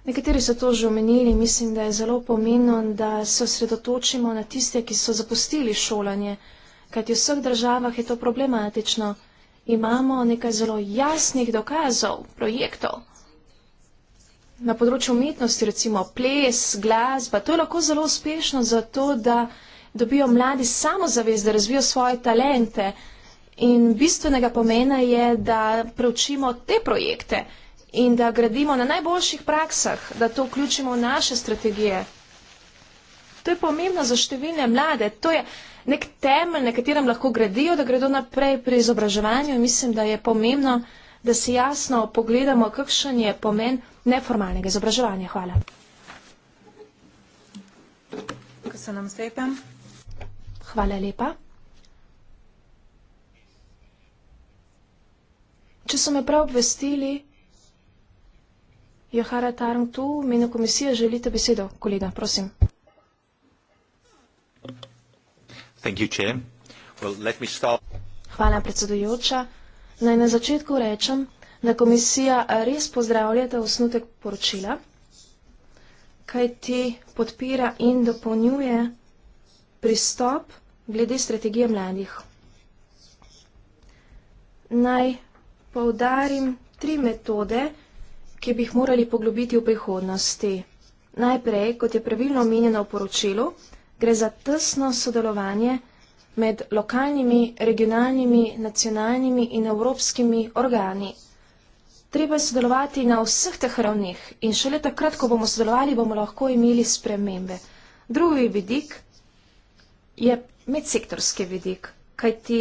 Nekateri so to že omenili, mislim, da je zelo pomembno, da se osredotočimo na tiste, ki so zapustili šolanje, kajti v vseh državah je to problematično imamo nekaj zelo jasnih dokazov, projektov. Na področju umetnosti, recimo ples, glasba, to je lahko zelo uspešno zato, da dobijo mladi samozavest, da razvijo svoje talente. In bistvenega pomena je, da preučimo te projekte in da gradimo na najboljših praksah, da to vključimo v naše strategije. To je pomembno za številne mlade. To je nek temelj, na katerem lahko gradijo, da gredo naprej pri izobraževanju. Mislim, da je pomembno, da si jasno pogledamo, kakšen je pomen neformalnega izobraževanja. Hvala. Hvala lepa. Če so me prav obvestili, Johara Tarm tu, meni komisija, želite besedo, kolega, prosim. Hvala, predsedujoča. Naj na začetku rečem, da komisija res pozdravlja ta osnutek poročila, kaj ti podpira in dopolnjuje pristop glede strategije mladih. Naj povdarim tri metode, ki bi jih morali poglobiti v prihodnosti. Najprej, kot je pravilno omenjeno v poročilu, gre za tesno sodelovanje med lokalnimi, regionalnimi, nacionalnimi in evropskimi organi. Treba je sodelovati na vseh teh ravnih in šele takrat, ko bomo sodelovali, bomo lahko imeli spremembe. Drugi vidik je medsektorski vidik, kajti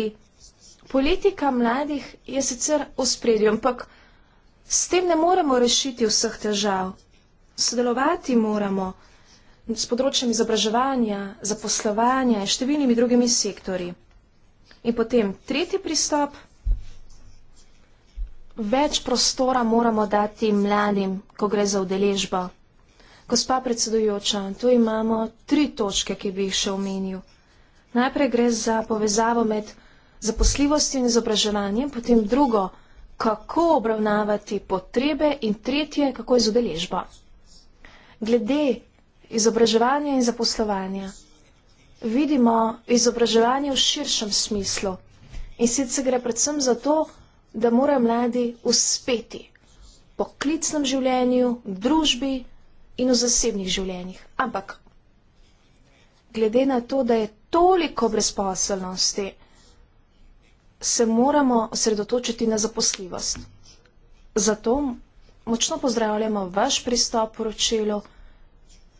politika mladih je sicer v spredju, ampak s tem ne moremo rešiti vseh težav. Sodelovati moramo s področjem izobraževanja, zaposlovanja in številnimi drugimi sektori. In potem tretji pristop, več prostora moramo dati mladim, ko gre za udeležbo. Gospa predsedujoča, tu imamo tri točke, ki bi jih še omenil. Najprej gre za povezavo med zaposljivostjo in izobraževanjem, potem drugo, kako obravnavati potrebe in tretje, kako je z udeležbo. Glede izobraževanje in zaposlovanje. Vidimo izobraževanje v širšem smislu in sicer gre predvsem za to, da mora mladi uspeti po klicnem življenju, družbi in v zasebnih življenjih. Ampak glede na to, da je toliko brezposelnosti, se moramo osredotočiti na zaposljivost. Zato močno pozdravljamo vaš pristop poročilu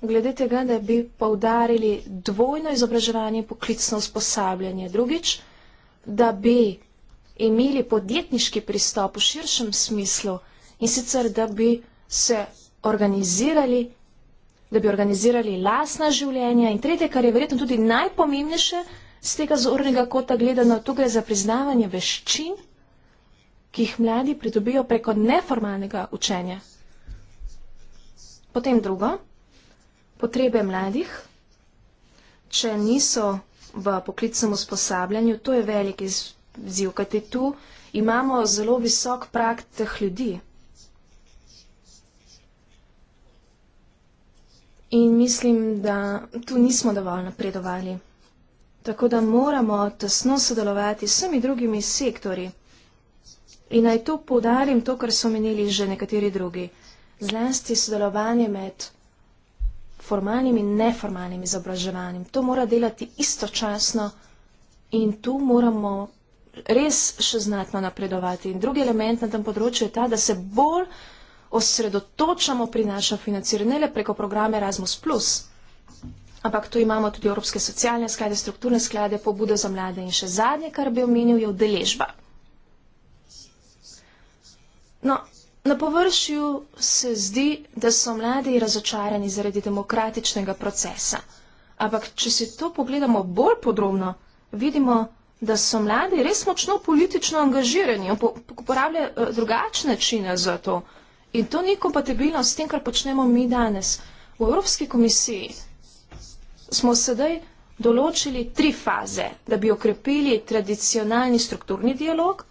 glede tega, da bi poudarili dvojno izobraževanje in poklicno usposabljanje. Drugič, da bi imeli podjetniški pristop v širšem smislu in sicer, da bi se organizirali, da bi organizirali lasna življenja in tretje, kar je verjetno tudi najpomembnejše z tega zornega kota gledano, tu gre za priznavanje veščin, ki jih mladi pridobijo preko neformalnega učenja. Potem drugo potrebe mladih, če niso v poklicnem usposabljanju, to je velik izziv, kajti tu imamo zelo visok prak teh ljudi. In mislim, da tu nismo dovolj napredovali. Tako da moramo tesno sodelovati s vsemi drugimi sektori. In naj to poudarim, to, kar so menili že nekateri drugi. Zlasti sodelovanje med formalnim in neformalnim izobraževanjem. To mora delati istočasno in tu moramo res še znatno napredovati. In drugi element na tem področju je ta, da se bolj osredotočamo pri našem financiranju, ne preko programe Erasmus, ampak tu imamo tudi Evropske socialne sklade, strukturne sklade, pobude za mlade in še zadnje, kar bi omenil, je udeležba. No, Na površju se zdi, da so mladi razočarani zaradi demokratičnega procesa. Ampak, če si to pogledamo bolj podrobno, vidimo, da so mladi res močno politično angažirani in uporabljajo eh, drugačne načine za to. In to ni kompatibilno s tem, kar počnemo mi danes. V Evropski komisiji smo sedaj določili tri faze, da bi okrepili tradicionalni strukturni dialog,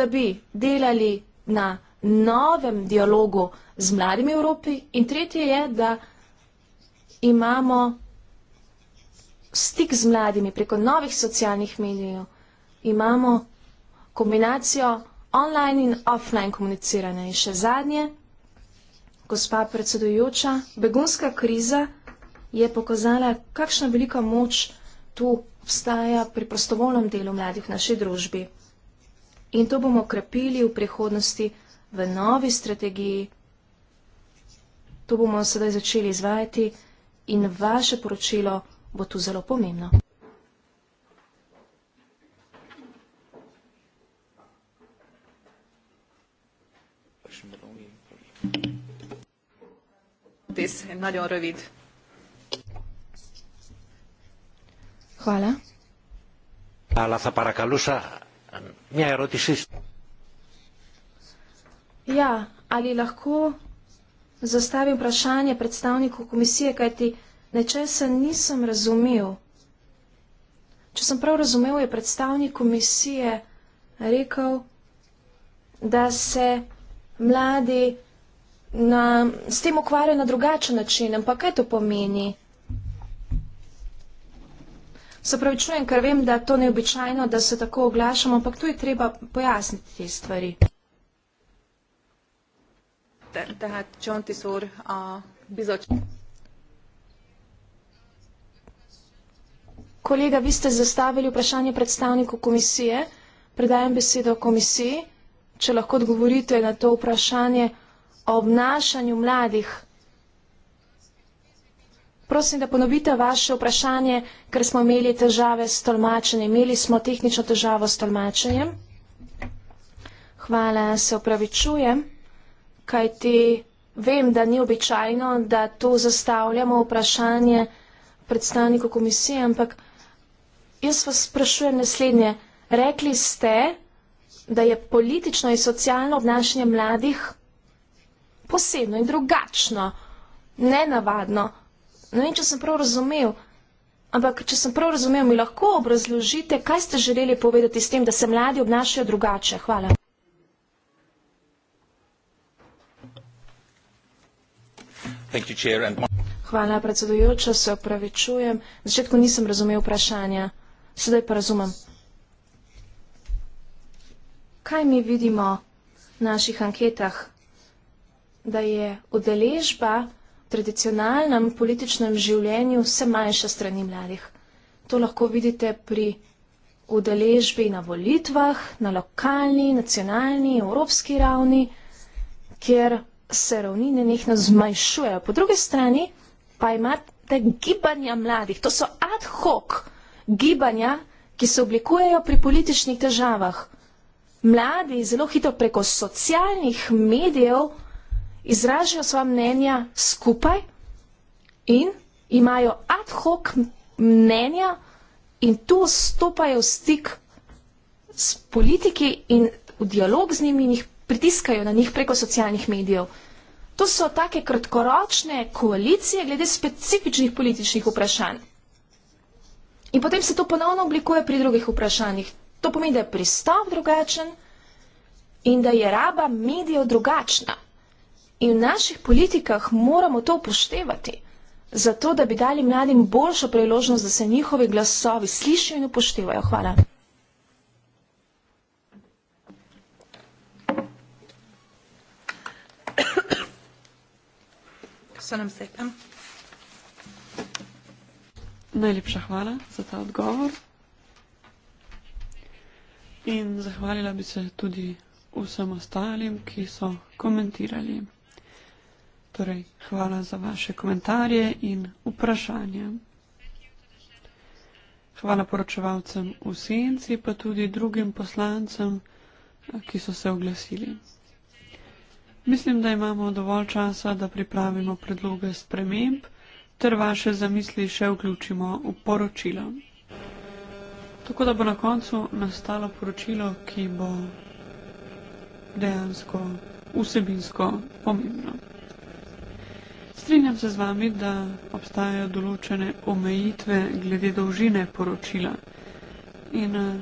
da bi delali na novem dialogu z mladimi v Evropi in tretje je, da imamo stik z mladimi preko novih socialnih medijev, imamo kombinacijo online in offline komuniciranja in še zadnje, gospa predsedujoča, begunska kriza je pokazala, kakšna velika moč tu obstaja pri prostovolnem delu mladih v naši družbi. In to bomo krepili v prihodnosti v novi strategiji. To bomo sedaj začeli izvajati in vaše poročilo bo tu zelo pomembno. Hvala. Hvala za parakalusa. Mi je rotisist. Ja, ali lahko zastavim vprašanje predstavniku komisije, kajti nečesa nisem razumel. Če sem prav razumel, je predstavnik komisije rekel, da se mladi na, s tem ukvarjajo na drugačen način, ampak kaj to pomeni? Se pravi, čujem, ker vem, da to ni običajno, da se tako oglašamo, ampak tu je treba pojasniti te stvari tette. Tehát Csontis úr a bizottság. Kolega, vi ste zastavili vprašanje predstavniku komisije. Predajam besedo komisiji, če lahko odgovorite na to vprašanje o obnašanju mladih. Prosim, da ponovite vaše vprašanje, ker smo imeli težave s tolmačenjem. Imeli smo tehnično težavo s tolmačenjem. Hvala, se opravičujem kajti vem, da ni običajno, da to zastavljamo vprašanje predstavniku komisije, ampak jaz vas sprašujem naslednje. Rekli ste, da je politično in socialno obnašanje mladih posebno in drugačno, nenavadno. Ne vem, če sem prav razumel, ampak če sem prav razumel, mi lahko obrazložite, kaj ste želeli povedati s tem, da se mladi obnašajo drugače. Hvala. Hvala, predsedujoča, se opravičujem. V začetku nisem razumel vprašanja, sedaj pa razumem. Kaj mi vidimo v naših anketah, da je udeležba v tradicionalnem političnem življenju vse manjša strani mladih? To lahko vidite pri udeležbi na volitvah, na lokalni, nacionalni, evropski ravni, kjer se ravni nenehno zmanjšujejo. Po drugi strani pa imate gibanja mladih. To so ad hoc gibanja, ki se oblikujejo pri političnih težavah. Mladi zelo hitro preko socialnih medijev izražajo svoje mnenja skupaj in imajo ad hoc mnenja in tu stopajo v stik s politiki in v dialog z njimi in jih pritiskajo na njih preko socialnih medijev. To so take kratkoročne koalicije glede specifičnih političnih vprašanj. In potem se to ponovno oblikuje pri drugih vprašanjih. To pomeni, da je pristop drugačen in da je raba medijev drugačna. In v naših politikah moramo to upoštevati, zato da bi dali mladim boljšo priložnost, da se njihovi glasovi slišijo in upoštevajo. Hvala. se nam sekam. Najlepša hvala za ta odgovor. In zahvalila bi se tudi vsem ostalim, ki so komentirali. Torej, hvala za vaše komentarje in vprašanja. Hvala poročevalcem v Senci, pa tudi drugim poslancem, ki so se oglasili. Mislim, da imamo dovolj časa, da pripravimo predloge sprememb ter vaše zamisli še vključimo v poročilo. Tako da bo na koncu nastalo poročilo, ki bo dejansko vsebinsko pomembno. Strinjam se z vami, da obstajajo določene omejitve glede dolžine poročila. In eh,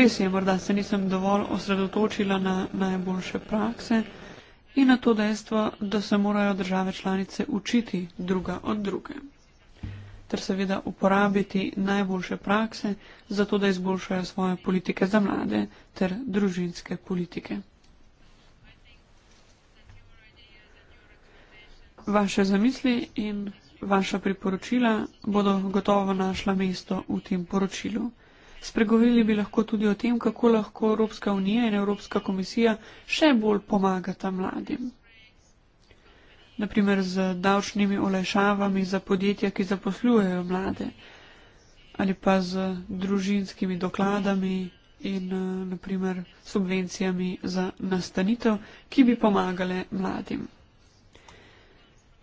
res je, morda se nisem dovolj osredotočila na najboljše prakse in na to dejstvo, da se morajo države članice učiti druga od druge. Ter seveda uporabiti najboljše prakse, zato da izboljšajo svoje politike za mlade ter družinske politike. Vaše zamisli in vaša priporočila bodo gotovo našla mesto v tem poročilu. Spregovorili bi lahko tudi o tem, kako lahko Evropska unija in Evropska komisija še bolj pomagata mladim. Naprimer z davčnimi olajšavami za podjetja, ki zaposlujejo mlade, ali pa z družinskimi dokladami in eh, naprimer subvencijami za nastanitev, ki bi pomagale mladim.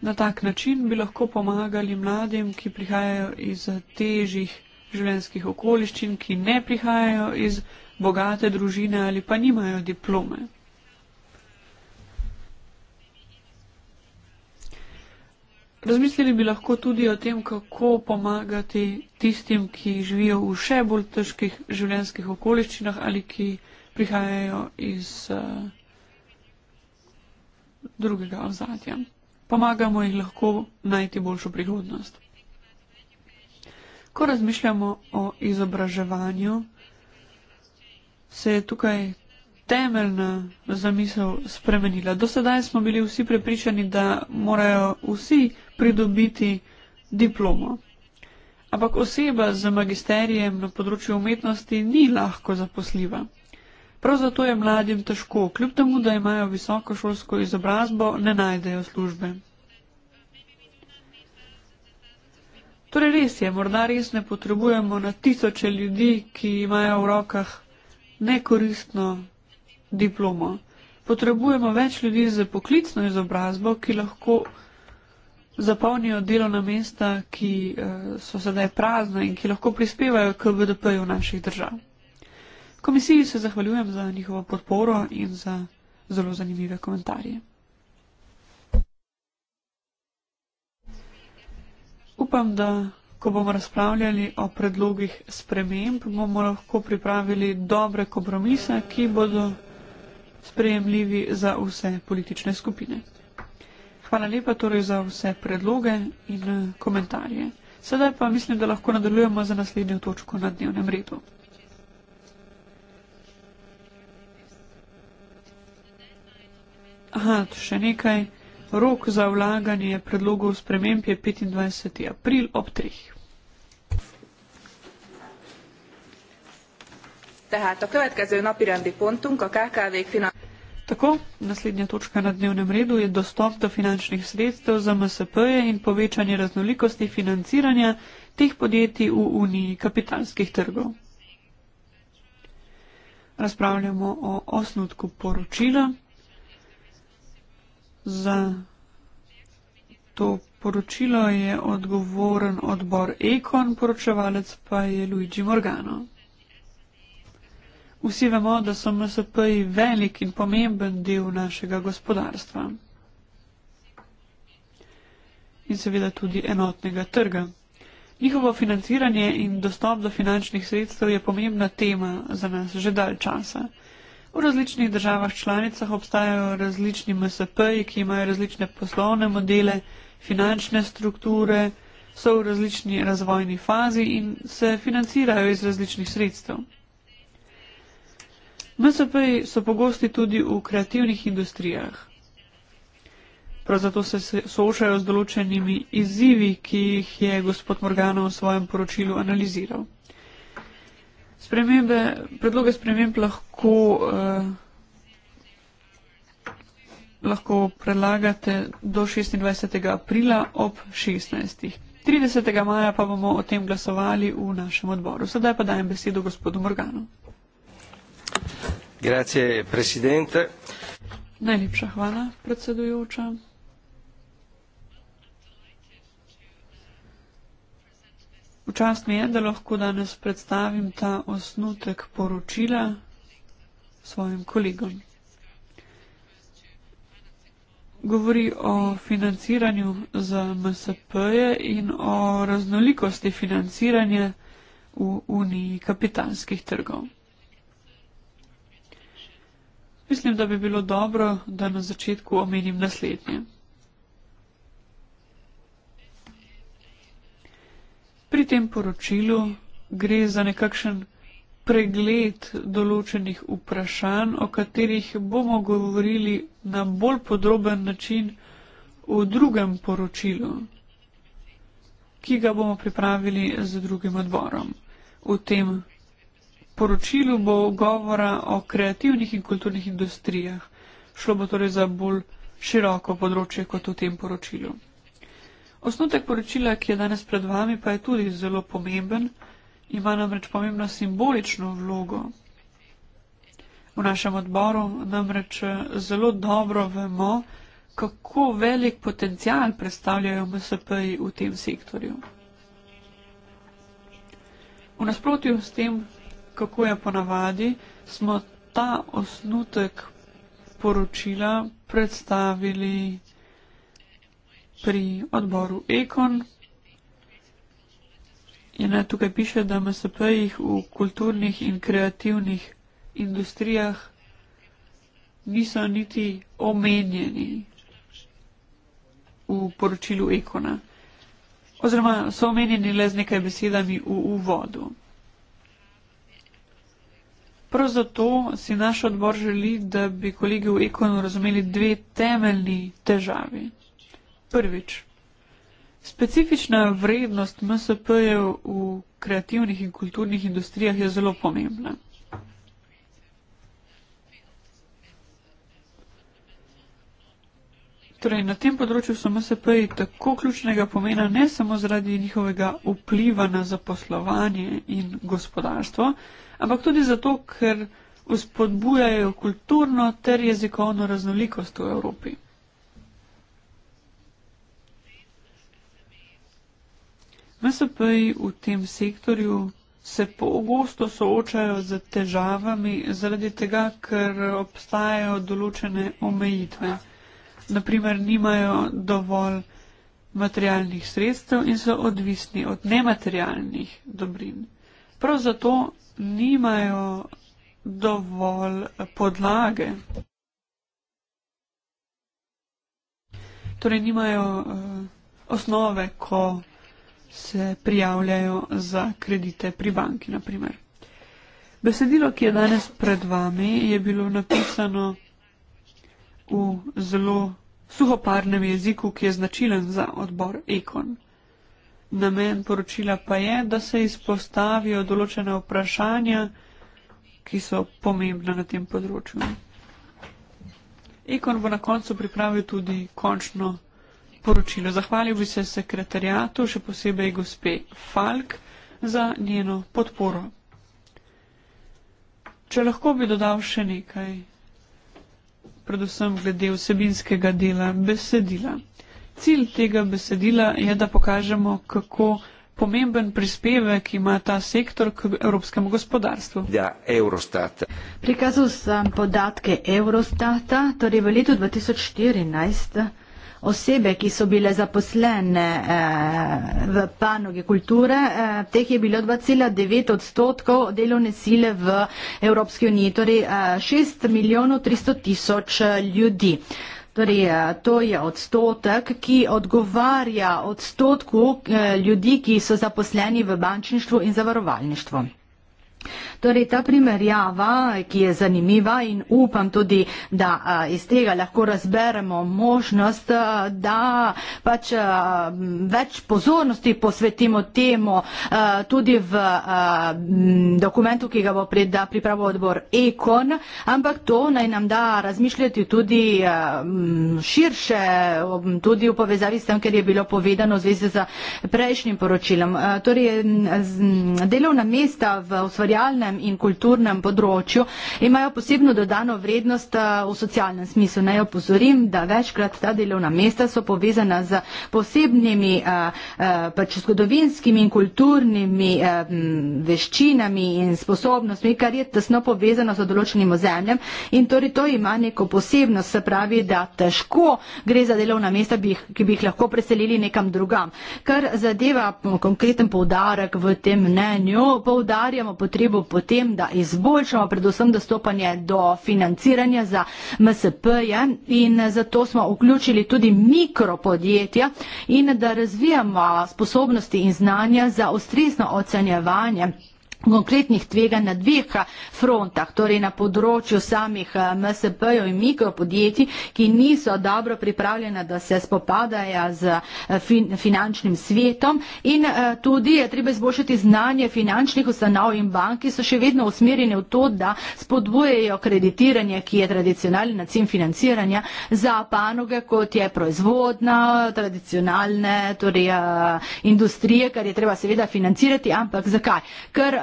Na tak način bi lahko pomagali mladim, ki prihajajo iz težjih življenjskih okoliščin, ki ne prihajajo iz bogate družine ali pa nimajo diplome. Razmislili bi lahko tudi o tem, kako pomagati tistim, ki živijo v še bolj težkih življenjskih okoliščinah ali ki prihajajo iz uh, drugega ozadja. Pomagamo jih lahko najti boljšo prihodnost ko razmišljamo o izobraževanju, se je tukaj temeljna zamisel spremenila. Do sedaj smo bili vsi prepričani, da morajo vsi pridobiti diplomo. Ampak oseba z magisterijem na področju umetnosti ni lahko zaposljiva. Prav zato je mladim težko, kljub temu, da imajo visokošolsko izobrazbo, ne najdejo službe. Torej res je, morda res ne potrebujemo na tisoče ljudi, ki imajo v rokah nekoristno diplomo. Potrebujemo več ljudi z poklicno izobrazbo, ki lahko zapolnijo delovna mesta, ki eh, so sedaj prazna in ki lahko prispevajo k BDP-ju naših držav. Komisiji se zahvaljujem za njihovo podporo in za zelo zanimive komentarje. Upam, da ko bomo razpravljali o predlogih sprememb, bomo lahko pripravili dobre kompromise, ki bodo sprejemljivi za vse politične skupine. Hvala lepa torej za vse predloge in eh, komentarje. Sedaj pa mislim, da lahko nadaljujemo za naslednjo točko na dnevnem redu. Aha, tu še nekaj. Rok za vlaganje predlogov sprememb je 25. april ob 3. Tehát a következő napi rendi pontunk a kkv finanszírozása. Tako, naslednja točka na dnevnem redu je dostop do finančnih sredstev za MSP-je in povečanje raznolikosti financiranja teh podjetij v Uniji kapitalskih trgov. Razpravljamo o osnutku poročila. Za to poročilo je odgovoren odbor Ekon, poročevalec pa je Luigi Morgano. Vsi vemo, da so MSP-ji velik in pomemben del našega gospodarstva. In seveda tudi enotnega trga. Njihovo financiranje in dostop do finančnih sredstev je pomembna tema za nas že dalj časa. V različnih državah članicah obstajajo različni MSP-ji, ki imajo različne poslovne modele, finančne strukture, so v različni razvojni fazi in se financirajo iz različnih sredstev. MSP-ji so pogosti tudi v kreativnih industrijah. Prav zato se soočajo z določenimi izzivi, ki jih je gospod Morgano v svojem poročilu analiziral spremembe, predloge sprememb lahko, eh, lahko predlagate do 26. aprila ob 16. 30. maja pa bomo o tem glasovali v našem odboru. Sedaj pa dajem besedo gospodu Morganu. Grazie, Najlepša hvala, predsedujoča. Včasih mi je, da lahko danes predstavim ta osnutek poročila svojim kolegom. Govori o financiranju za MSP-je in o raznolikosti financiranja v Uniji kapitalskih trgov. Mislim, da bi bilo dobro, da na začetku omenim naslednje. Pri tem poročilu gre za nekakšen pregled določenih vprašanj, o katerih bomo govorili na bolj podroben način v drugem poročilu, ki ga bomo pripravili z drugim odborom. V tem poročilu bo govora o kreativnih in kulturnih industrijah. Šlo bo torej za bolj široko področje kot v tem poročilu. Osnutek poročila, ki je danes pred vami, pa je tudi zelo pomemben, ima namreč pomembno simbolično vlogo. V našem odboru namreč eh, zelo dobro vemo, kako velik potencial predstavljajo MSP-ji v tem sektorju. V nasprotju s tem, kako je ponavadi, smo ta osnutek poročila predstavili pri odboru Ekon. In eh, tukaj piše, da MSP-jih v kulturnih in kreativnih industrijah niso niti omenjeni v poročilu Ekona. Oziroma so omenjeni le z nekaj besedami v uvodu. Prav zato si naš odbor želi, da bi kolegi v Ekonu razumeli dve temeljni težavi. Prvič. Specifična vrednost MSP-jev v kreativnih in kulturnih industrijah je zelo pomembna. Torej, na tem področju so MSP-ji tako ključnega pomena ne samo zaradi njihovega vpliva na zaposlovanje in gospodarstvo, ampak tudi zato, ker uspodbujajo kulturno ter jezikovno raznolikost v Evropi. MSP-ji v tem sektorju se pogosto soočajo z težavami zaradi tega, ker obstajajo določene omejitve. Naprimer, nimajo dovolj materialnih sredstev in so odvisni od nematerialnih dobrin. Prav zato nimajo dovolj podlage. Torej, nimajo uh, osnove, ko se prijavljajo za kredite pri banki, na primer. Besedilo, ki je danes pred vami, je bilo napisano v zelo suhoparnem jeziku, ki je značilen za odbor Ekon. Namen poročila pa je, da se izpostavijo določene vprašanja, ki so pomembna na tem področju. Ekon bo na koncu pripravil tudi končno poročilo. Zahvalil bi se sekretarjatu, še posebej gospe Falk, za njeno podporo. Če lahko bi dodal še nekaj, predvsem glede vsebinskega dela besedila. Cilj tega besedila je, da pokažemo, kako pomemben prispevek ima ta sektor k evropskemu gospodarstvu. Ja, Eurostat. Prikazal sem podatke Eurostata, torej v letu 2014 osebe, ki so bile zaposlene eh, v panogi kulture, eh, teh je bilo 2,9 odstotkov delovne sile v Evropski uniji, torej 6 eh, milijonov 300 tisoč ljudi. Torej, to je odstotek, ki odgovarja odstotku ljudi, ki so zaposleni v bančništvu in zavarovalništvu. Torej, ta primerjava, ki je zanimiva in upam tudi, da iz tega lahko razberemo možnost, da pač več pozornosti posvetimo temu tudi v dokumentu, ki ga bo pripravil odbor Ekon, ampak to naj nam da razmišljati tudi širše, tudi v povezavi s tem, ker je bilo povedano v zvezi z prejšnjim poročilom. Torej, delovna mesta v ustvarjalnem socialnem in kulturnem področju, imajo posebno dodano vrednost eh, v socialnem smislu. Naj opozorim, da večkrat ta delovna mesta so povezana z posebnimi eh, eh, pač zgodovinskimi in kulturnimi veščinami in sposobnostmi, kar je tesno povezano z določenim ozemljem in torej to ima neko posebnost, se pravi, da težko gre za delovna mesta, ki bi jih lahko preselili nekam drugam. Kar zadeva konkreten povdarek v tem mnenju, poudarjamo potrebo po tem, da izboljšamo predvsem dostopanje do financiranja za MSP-je in zato smo vključili tudi mikropodjetja in da razvijamo sposobnosti in znanja za ustrezno ocenjevanje konkretnih tveganj na dveh eh, frontah, torej na področju samih eh, MSP-jev in mikropodjetij, ki niso dobro pripravljena, da se spopadajo z eh, fin finančnim svetom in tudi je treba izboljšati znanje finančnih ustanov in bank, ki so še vedno usmerjene v to, da spodbujejo kreditiranje, ki je tradicionalni način financiranja za panoge, kot je proizvodna, tradicionalne, torej industrije, kar je treba seveda financirati, ampak zakaj? Ker,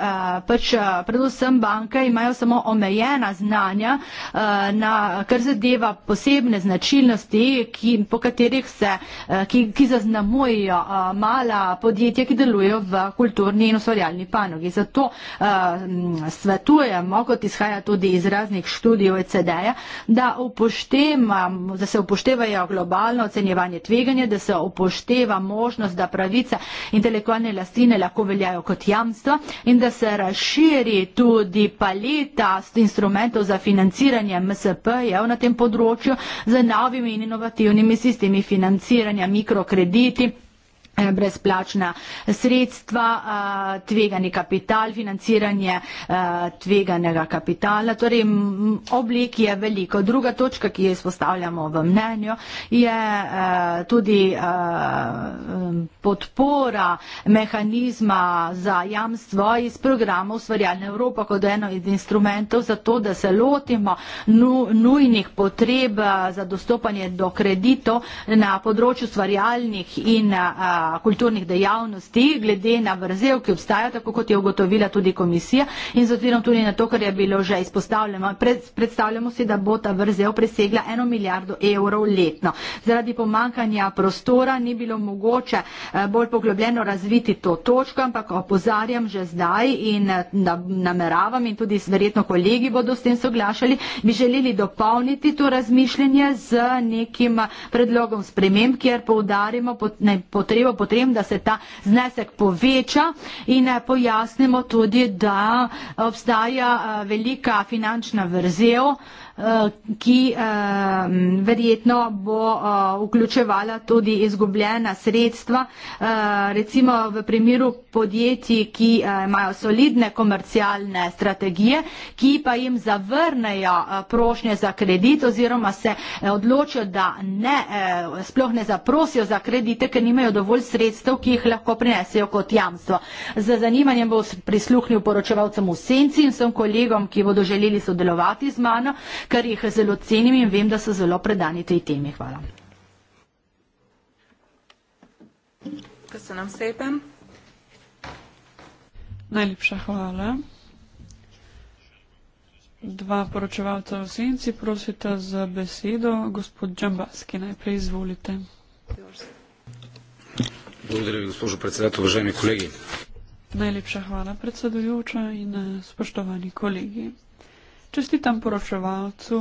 pač eh, predvsem banke imajo samo omejena znanja, eh, na, kar zadeva posebne značilnosti, ki, po katerih se, eh, ki, ki zaznamujejo mala podjetja, ki delujejo v kulturni in ustvarjalni panogi. Zato svetujemo, kot izhaja tudi iz raznih študij OECD-ja, da, da se upoštevajo globalno ocenjevanje tveganja, da se upošteva možnost, da pravice intelektualne lastine lahko veljajo kot jamstva in da se se razširi tudi paleta instrumentov za financiranje MSP-jev na tem področju z novimi in inovativnimi sistemi financiranja mikrokrediti. Eh, brezplačna sredstva, eh, tvegani kapital, financiranje eh, tveganega kapitala. Torej, oblik je veliko. Druga točka, ki jo izpostavljamo v mnenju, je tudi podpora mehanizma za jamstvo iz programa Ustvarjalna Evropa kot eno iz instrumentov za to, da se lotimo nujnih potreb za dostopanje do kreditov na področju ustvarjalnih in kulturnih dejavnosti, glede na vrzel, ki obstaja, tako kot je ugotovila tudi komisija in z odzirom tudi na to, kar je bilo že izpostavljeno. Predstavljamo si, da bo ta vrzel presegla eno milijardo evrov letno. Zaradi pomankanja prostora ni bilo mogoče eh, bolj poglobljeno razviti to točko, ampak opozarjam že zdaj in eh, nameravam in tudi verjetno kolegi bodo s tem soglašali, bi želeli dopolniti to razmišljanje z nekim predlogom sprememb, kjer poudarimo potrebo bilo potrem, da se ta znesek poveča in eh, pojasnimo tudi, da obstaja eh, velika finančna vrzel. Eh, ki eh, verjetno bo eh, vključevala tudi izgubljena sredstva. Recimo v primeru podjetij, ki imajo solidne komercialne strategije, ki pa jim zavrnejo prošnje za kredit oziroma se odločijo, da ne, sploh ne zaprosijo za kredite, ker nimajo dovolj sredstev, ki jih lahko prinesejo kot jamstvo. Z zanimanjem bo prisluhnil poročevalcem v senci in vsem kolegom, ki bodo želeli sodelovati z mano, kar jih zelo cenim in vem, da so zelo predani tej temi. Hvala. Najlepša hvala. Dva poročevalca v senci prosita za besedo. Gospod Džambaski, najprej izvolite. Благодаря ви, госпожо председател, уважаеми колеги. Най-лепша хвала, председател, и спочтовани колеги. Čestitam poročevalcu,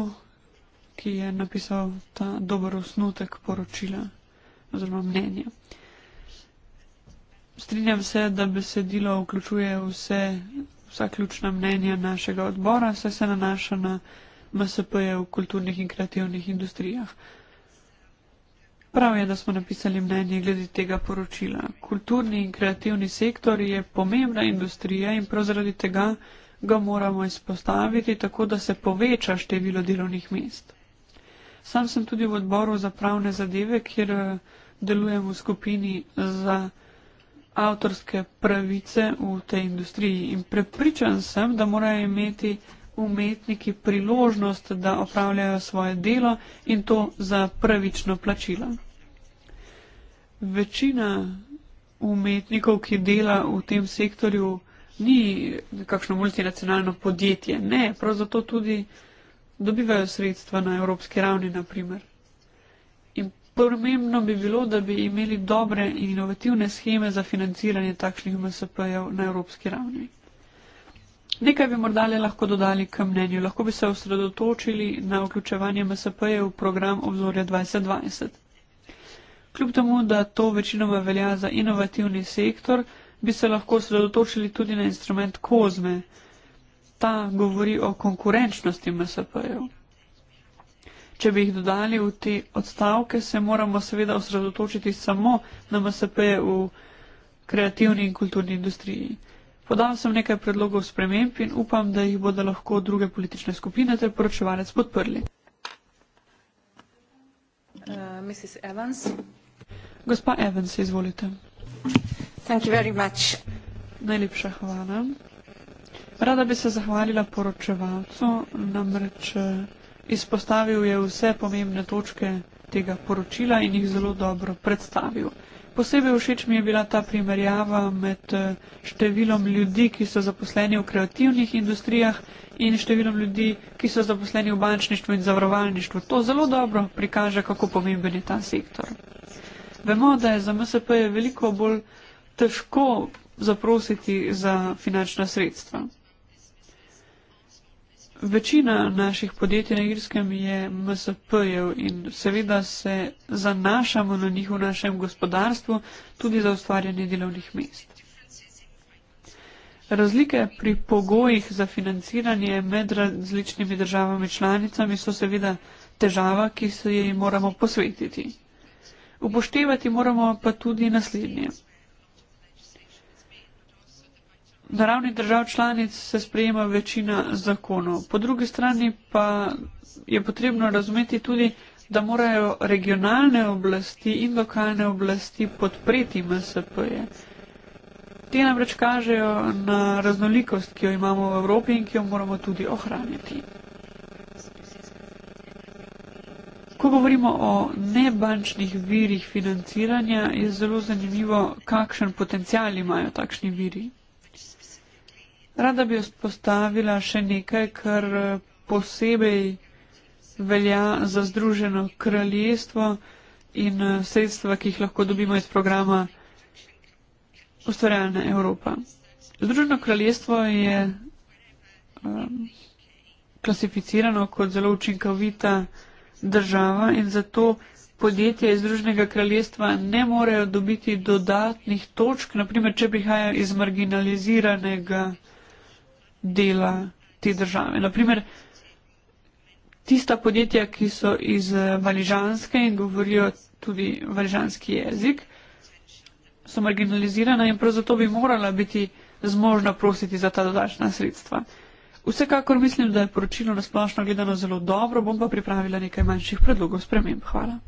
ki je napisal ta dober osnutek poročila oziroma mnenja. Strinjam se, da besedilo vključuje vse, vsa ključna mnenja našega odbora, saj se nanaša na MSP-je v kulturnih in kreativnih industrijah. Prav je, da smo napisali mnenje glede tega poročila. Kulturni in kreativni sektor je pomembna industrija in prav zaradi tega ga moramo izpostaviti tako, da se poveča število delovnih mest. Sam sem tudi v odboru za pravne zadeve, kjer eh, delujem v skupini za avtorske pravice v tej industriji in prepričan sem, da morajo imeti umetniki priložnost, da opravljajo svoje delo in to za pravično plačilo. Večina umetnikov, ki dela v tem sektorju, ni kakšno multinacionalno podjetje. Ne, prav zato tudi dobivajo sredstva na evropski ravni, naprimer. In pomembno bi bilo, da bi imeli dobre in inovativne scheme za financiranje takšnih MSP-jev na evropski ravni. Nekaj bi morda le lahko dodali k mnenju. Lahko bi se osredotočili na vključevanje MSP-jev v program obzorja 2020. Kljub temu, da to večinoma velja za inovativni sektor, bi se lahko sredotočili tudi na instrument kozme. Ta govori o konkurenčnosti MSP-jev. Če bi jih dodali v te odstavke, se moramo seveda osredotočiti samo na MSP-je v kreativni in kulturni industriji. Podal sem nekaj predlogov sprememb in upam, da jih bodo lahko druge politične skupine ter poročevalec podprli. Uh, Mrs. Evans. Gospa Evans, izvolite. Thank you very much. Najlepša hvala. Rada bi se zahvalila poročevalcu, namreč eh, izpostavil je vse pomembne točke tega poročila in jih zelo dobro predstavil. Posebej všeč mi je bila ta primerjava med eh, številom ljudi, ki so zaposleni v kreativnih industrijah in številom ljudi, ki so zaposleni v bančništvu in zavarovalništvu. To zelo dobro prikaže, kako pomemben je ta sektor. Vemo, da je za MSP veliko bolj težko zaprositi za finančna sredstva. Večina naših podjetij na Irskem je MSP-jev in seveda se zanašamo na njih v našem gospodarstvu tudi za ustvarjanje delovnih mest. Razlike pri pogojih za financiranje med različnimi državami članicami so seveda težava, ki se jej moramo posvetiti. Upoštevati moramo pa tudi naslednje. Na ravni držav članic se sprejema večina zakonov. Po drugi strani pa je potrebno razumeti tudi, da morajo regionalne oblasti in lokalne oblasti podpreti MSP-je. Te namreč kažejo na raznolikost, ki jo imamo v Evropi in ki jo moramo tudi ohraniti. Ko govorimo o nebančnih virih financiranja, je zelo zanimivo, kakšen potencial imajo takšni viri. Rada bi vzpostavila še nekaj, kar eh, posebej velja za Združeno kraljestvo in eh, sredstva, ki jih lahko dobimo iz programa Ustvarjalna Evropa. Združeno kraljestvo je um, klasificirano kot zelo učinkovita država in zato podjetja iz Združenega kraljestva ne morejo dobiti dodatnih točk, naprimer, če prihajajo iz marginaliziranega kraljestva dela te države. Naprimer, tista podjetja, ki so iz eh, Valižanske in govorijo tudi valižanski jezik, so marginalizirana in prav zato bi morala biti zmožna prositi za ta dodačna sredstva. Vsekakor mislim, da je poročilo nasplošno gledano zelo dobro, bom pa pripravila nekaj manjših predlogov sprememb. Hvala.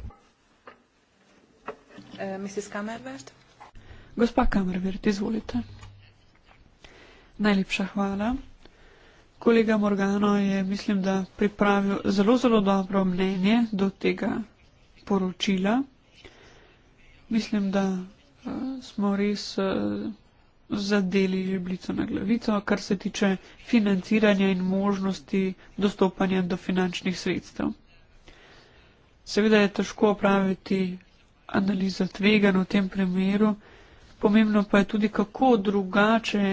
Uh, Gospa Kamerbert, izvolite. Najlepša hvala. Kolega Morgano je, mislim, da pripravil zelo, zelo dobro mnenje do tega poročila. Mislim, da uh, smo res uh, zadeli žebljico na glavico, kar se tiče financiranja in možnosti dostopanja do finančnih sredstev. Seveda je težko opraviti analizo tvega v tem primeru, pomembno pa je tudi, kako drugače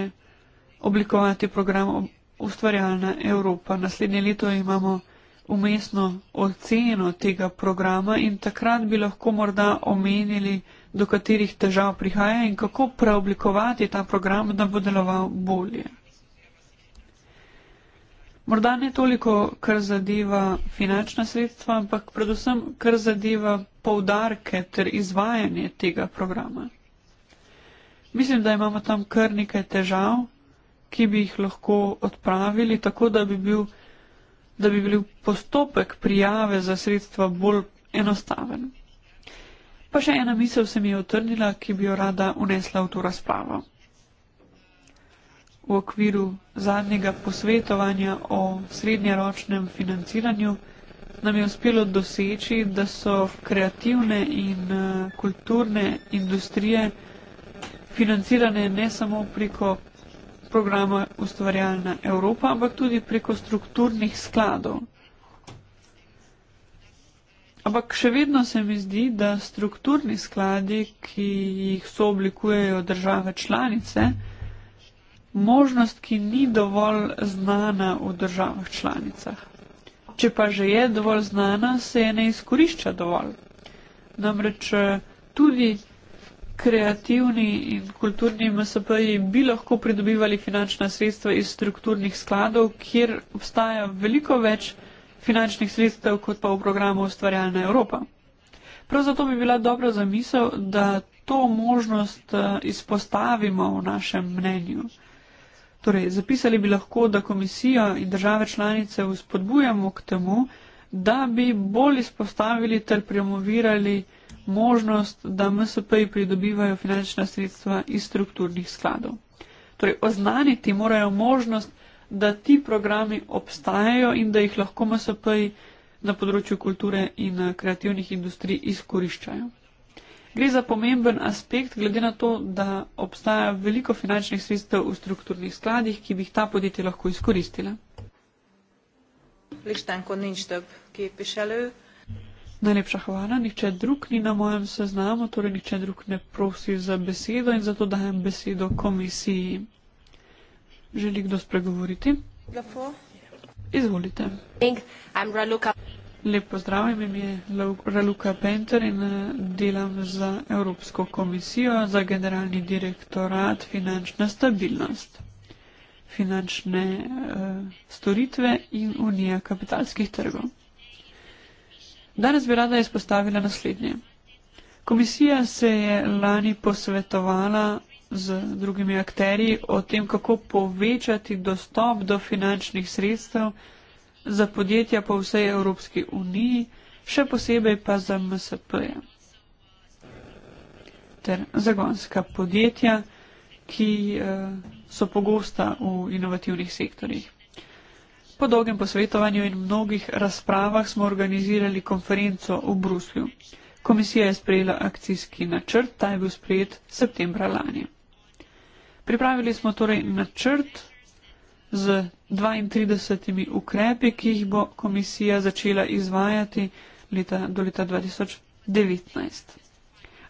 oblikovati program Ustvarjalna Evropa. Naslednje leto imamo umestno oceno tega programa in takrat bi lahko morda omenili, do katerih težav prihaja in kako preoblikovati ta program, da bo deloval bolje. Morda ne toliko, kar zadeva finančna sredstva, ampak predvsem, kar zadeva poudarke ter izvajanje tega programa. Mislim, da imamo tam kar nekaj težav ki bi jih lahko odpravili, tako da bi bil, da bi bil postopek prijave za sredstva bolj enostaven. Pa še ena misel se mi je otrnila, ki bi jo rada unesla v to razpravo. V okviru zadnjega posvetovanja o srednjeročnem financiranju nam je uspelo doseči, da so kreativne in eh, kulturne industrije financirane ne samo preko programa Ustvarjalna Evropa, ampak tudi preko strukturnih skladov. Ampak še vedno se mi zdi, da strukturni skladi, ki jih sooblikujejo države članice, možnost, ki ni dovolj znana v državah članicah. Če pa že je dovolj znana, se je ne izkorišča dovolj. Namreč eh, tudi kreativni in kulturni MSP-ji bi lahko pridobivali finančna sredstva iz strukturnih skladov, kjer obstaja veliko več finančnih sredstev kot pa v programu Ustvarjalna Evropa. Prav zato bi bila dobra zamisel, da to možnost eh, izpostavimo v našem mnenju. Torej, zapisali bi lahko, da komisijo in države članice vzpodbujamo k temu, da bi bolj izpostavili ter promovirali možnost, da MSP-ji pridobivajo finančna sredstva iz strukturnih skladov. Torej, oznaniti morajo možnost, da ti programi obstajajo in da jih lahko MSP-ji na področju kulture in eh, kreativnih industrij izkoriščajo. Gre za pomemben aspekt, glede na to, da obstaja veliko finančnih sredstev v strukturnih skladih, ki bi jih ta podjetja lahko izkoristila. Lichtenko, ninčtep, ki je pišelil. Najlepša hvala. Nihče drug ni na mojem seznamu, torej nihče drug ne prosi za besedo in zato dajem besedo komisiji. Želi kdo spregovoriti? Lepo. Izvolite. Lep pozdrav, imem je Raluka Penter in eh, delam za Evropsko komisijo za generalni direktorat finančna stabilnost, finančne uh, storitve in unija kapitalskih trgov. Danes bi rada izpostavila naslednje. Komisija se je lani posvetovala z drugimi akteri o tem, kako povečati dostop do finančnih sredstev za podjetja po vsej Evropski uniji, še posebej pa za MSP -je. ter zagonska podjetja, ki eh, so pogosta v inovativnih sektorjih. Po dolgem posvetovanju in mnogih razpravah smo organizirali konferenco v Bruslju. Komisija je sprejela akcijski načrt, ta je bil sprejet septembra lani. Pripravili smo torej načrt z 32 ukrepi, ki jih bo komisija začela izvajati leta, do leta 2019.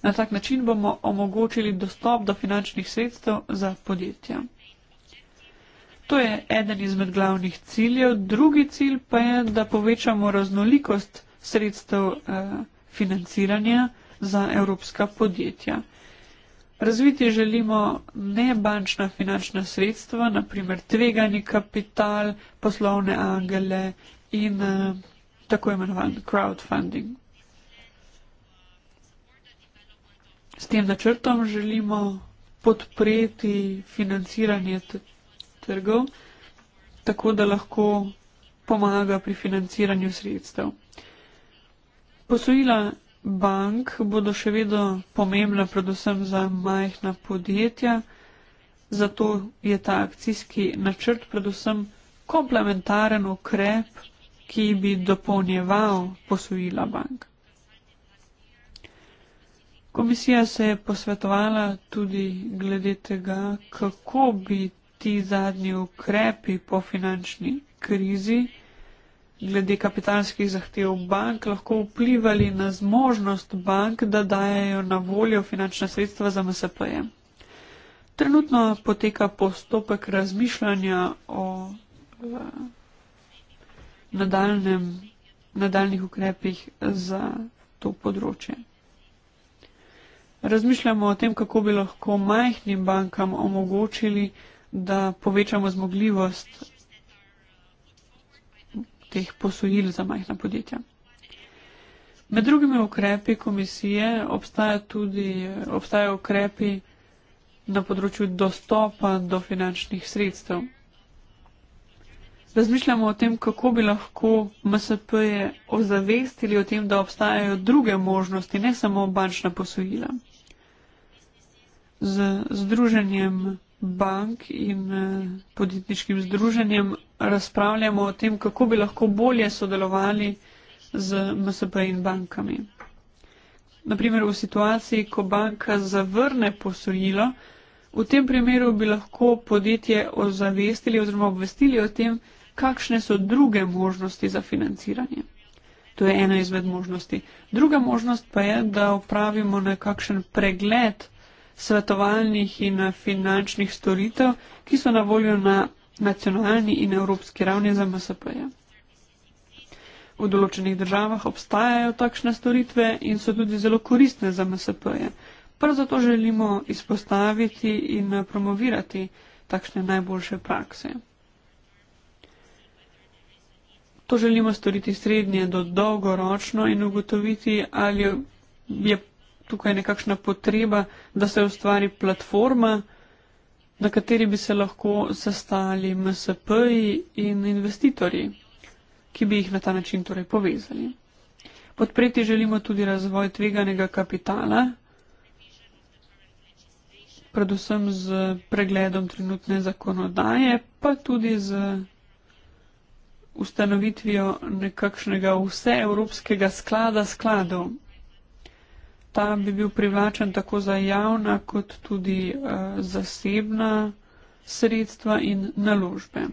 Na tak način bomo omogočili dostop do finančnih sredstev za podjetja. To je eden izmed glavnih ciljev, drugi cilj pa je, da povečamo raznolikost sredstev eh, financiranja za evropska podjetja. Razviti želimo nebančna finančna sredstva, naprimer tvegani kapital, poslovne angele in eh, tako imenovan crowdfunding. S tem načrtom želimo podpreti financiranje trgov, tako da lahko pomaga pri financiranju sredstev. Posojila bank bodo še vedno pomembna predvsem za majhna podjetja, zato je ta akcijski načrt predvsem komplementaren ukrep, ki bi dopolnjeval posojila bank. Komisija se je posvetovala tudi glede tega, kako bi ti zadnji ukrepi po finančni krizi glede kapitalskih zahtev bank lahko vplivali na zmožnost bank, da dajajo na voljo finančna sredstva za MSP-je. Trenutno poteka postopek razmišljanja o eh, nadaljnem, nadaljnih ukrepih za to področje. Razmišljamo o tem, kako bi lahko majhnim bankam omogočili, da povečamo zmogljivost teh posojil za majhna podjetja. Med drugimi ukrepi komisije obstaja tudi, obstajajo ukrepi na področju dostopa do finančnih sredstev. Razmišljamo o tem, kako bi lahko MSP-je ozavestili o tem, da obstajajo druge možnosti, ne samo bančna posojila. Z združenjem bank in eh, podjetniškim združenjem razpravljamo o tem, kako bi lahko bolje sodelovali z MSP in bankami. Naprimer v situaciji, ko banka zavrne posojilo, v tem primeru bi lahko podjetje ozavestili oziroma obvestili o tem, kakšne so druge možnosti za financiranje. To je ena izmed možnosti. Druga možnost pa je, da opravimo nekakšen pregled svetovalnih in finančnih storitev, ki so na voljo na nacionalni in evropski ravni za MSP-je. V določenih državah obstajajo takšne storitve in so tudi zelo koristne za MSP-je. Prav zato želimo izpostaviti in promovirati takšne najboljše prakse. To želimo storiti srednje do dolgoročno in ugotoviti, ali je tukaj nekakšna potreba, da se ustvari platforma, na kateri bi se lahko sestali MSP-ji in investitorji, ki bi jih na ta način torej povezali. Podpreti želimo tudi razvoj tveganega kapitala, predvsem z pregledom trenutne zakonodaje, pa tudi z ustanovitvijo nekakšnega vseevropskega sklada skladov ta bi bil privlačen tako za javna, kot tudi uh, zasebna sredstva in naložbe.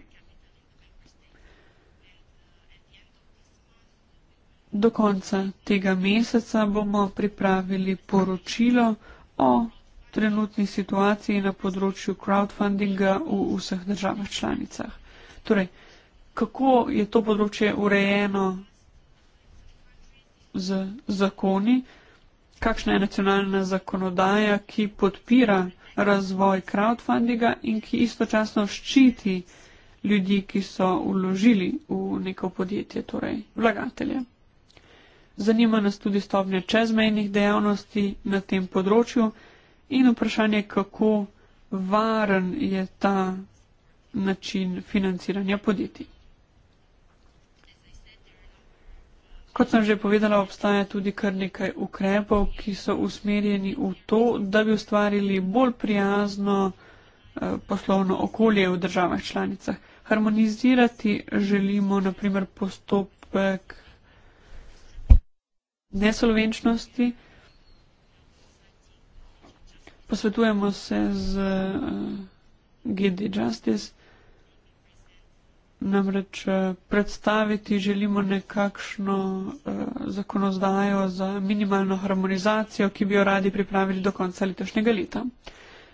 Do konca tega meseca bomo pripravili poročilo o trenutni situaciji na področju crowdfundinga v vseh državah članicah. Torej, kako je to področje urejeno z zakoni, kakšna je nacionalna zakonodaja, ki podpira razvoj crowdfundinga in ki istočasno ščiti ljudi, ki so vložili v neko podjetje, torej vlagatelje. Zanima nas tudi stopnje čezmejnih dejavnosti na tem področju in vprašanje, kako varen je ta način financiranja podjetij. Kot sem že povedala, obstaja tudi kar nekaj ukrepov, ki so usmerjeni v to, da bi ustvarili bolj prijazno eh, poslovno okolje v državah članicah. Harmonizirati želimo naprimer postopek nesolvenčnosti. Posvetujemo se z eh, GD Justice. Namreč eh, predstaviti želimo nekakšno uh, zakonodajo za minimalno harmonizacijo, ki bi jo radi pripravili do konca letošnjega leta.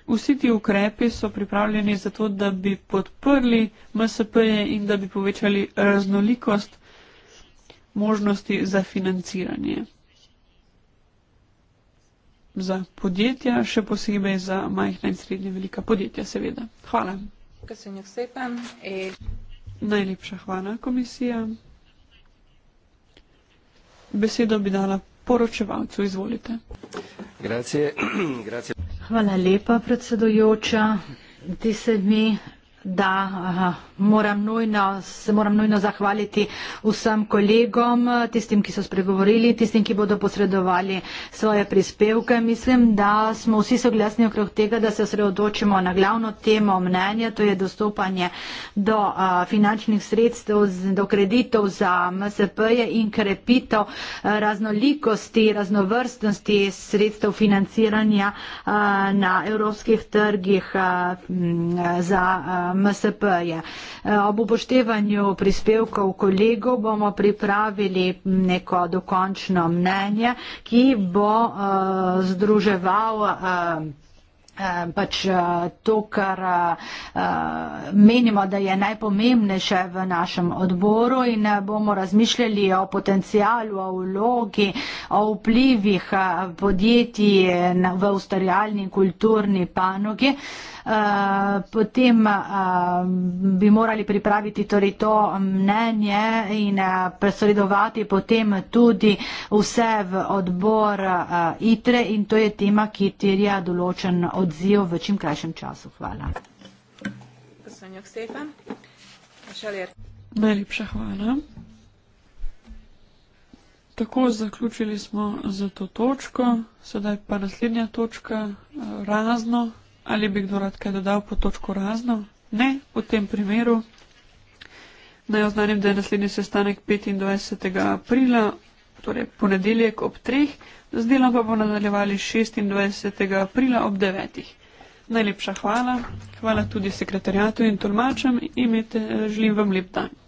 Vsi ti ukrepi so pripravljeni zato, da bi podprli MSP-je in da bi povečali raznolikost možnosti za financiranje. Za podjetja, še posebej za majhna in srednje velika podjetja, seveda. Hvala. Gospod Sejpen. Najlepša hvala, komisija. Besedo bi dala poročevalcu, izvolite. Grazie. <clears throat> Grazie. Hvala lepa, predsedujoča. Ti se mi da. Aha moram nujno, se moram nujno zahvaliti vsem kolegom, tistim, ki so spregovorili, tistim, ki bodo posredovali svoje prispevke. Mislim, da smo vsi soglasni okrog tega, da se osredotočimo na glavno temo mnenja, to je dostopanje do a, finančnih sredstev, do kreditov za MSP-je in krepitev raznolikosti, raznovrstnosti sredstev financiranja a, na evropskih trgih a, a, za MSP-je. Eh, ob upoštevanju prispevkov kolegov bomo pripravili neko dokončno mnenje, ki bo eh, združeval eh, pač to, kar menimo, da je najpomembnejše v našem odboru in bomo razmišljali o potencijalu, o vlogi, o vplivih podjetij v ustvarjalni kulturni panogi. Uh, Eh, potem eh, bi morali pripraviti torej to mnenje in eh, presredovati potem tudi vse v odbor ITRE in to je tema, ki terja določen odziv v čim krajšem času. Hvala. Najlepša hvala. Tako zaključili smo za to točko, sedaj pa naslednja točka, razno. Ali bi kdo rad kaj dodal po točko razno? Ne, v tem primeru. Naj oznanim, da je naslednji sestanek 25. aprila, torej ponedeljek ob 3. Z delom pa bomo nadaljevali 26. aprila ob 9. Najlepša hvala. Hvala tudi sekretarjatu in tolmačem. Imejte, želim vam lep dan.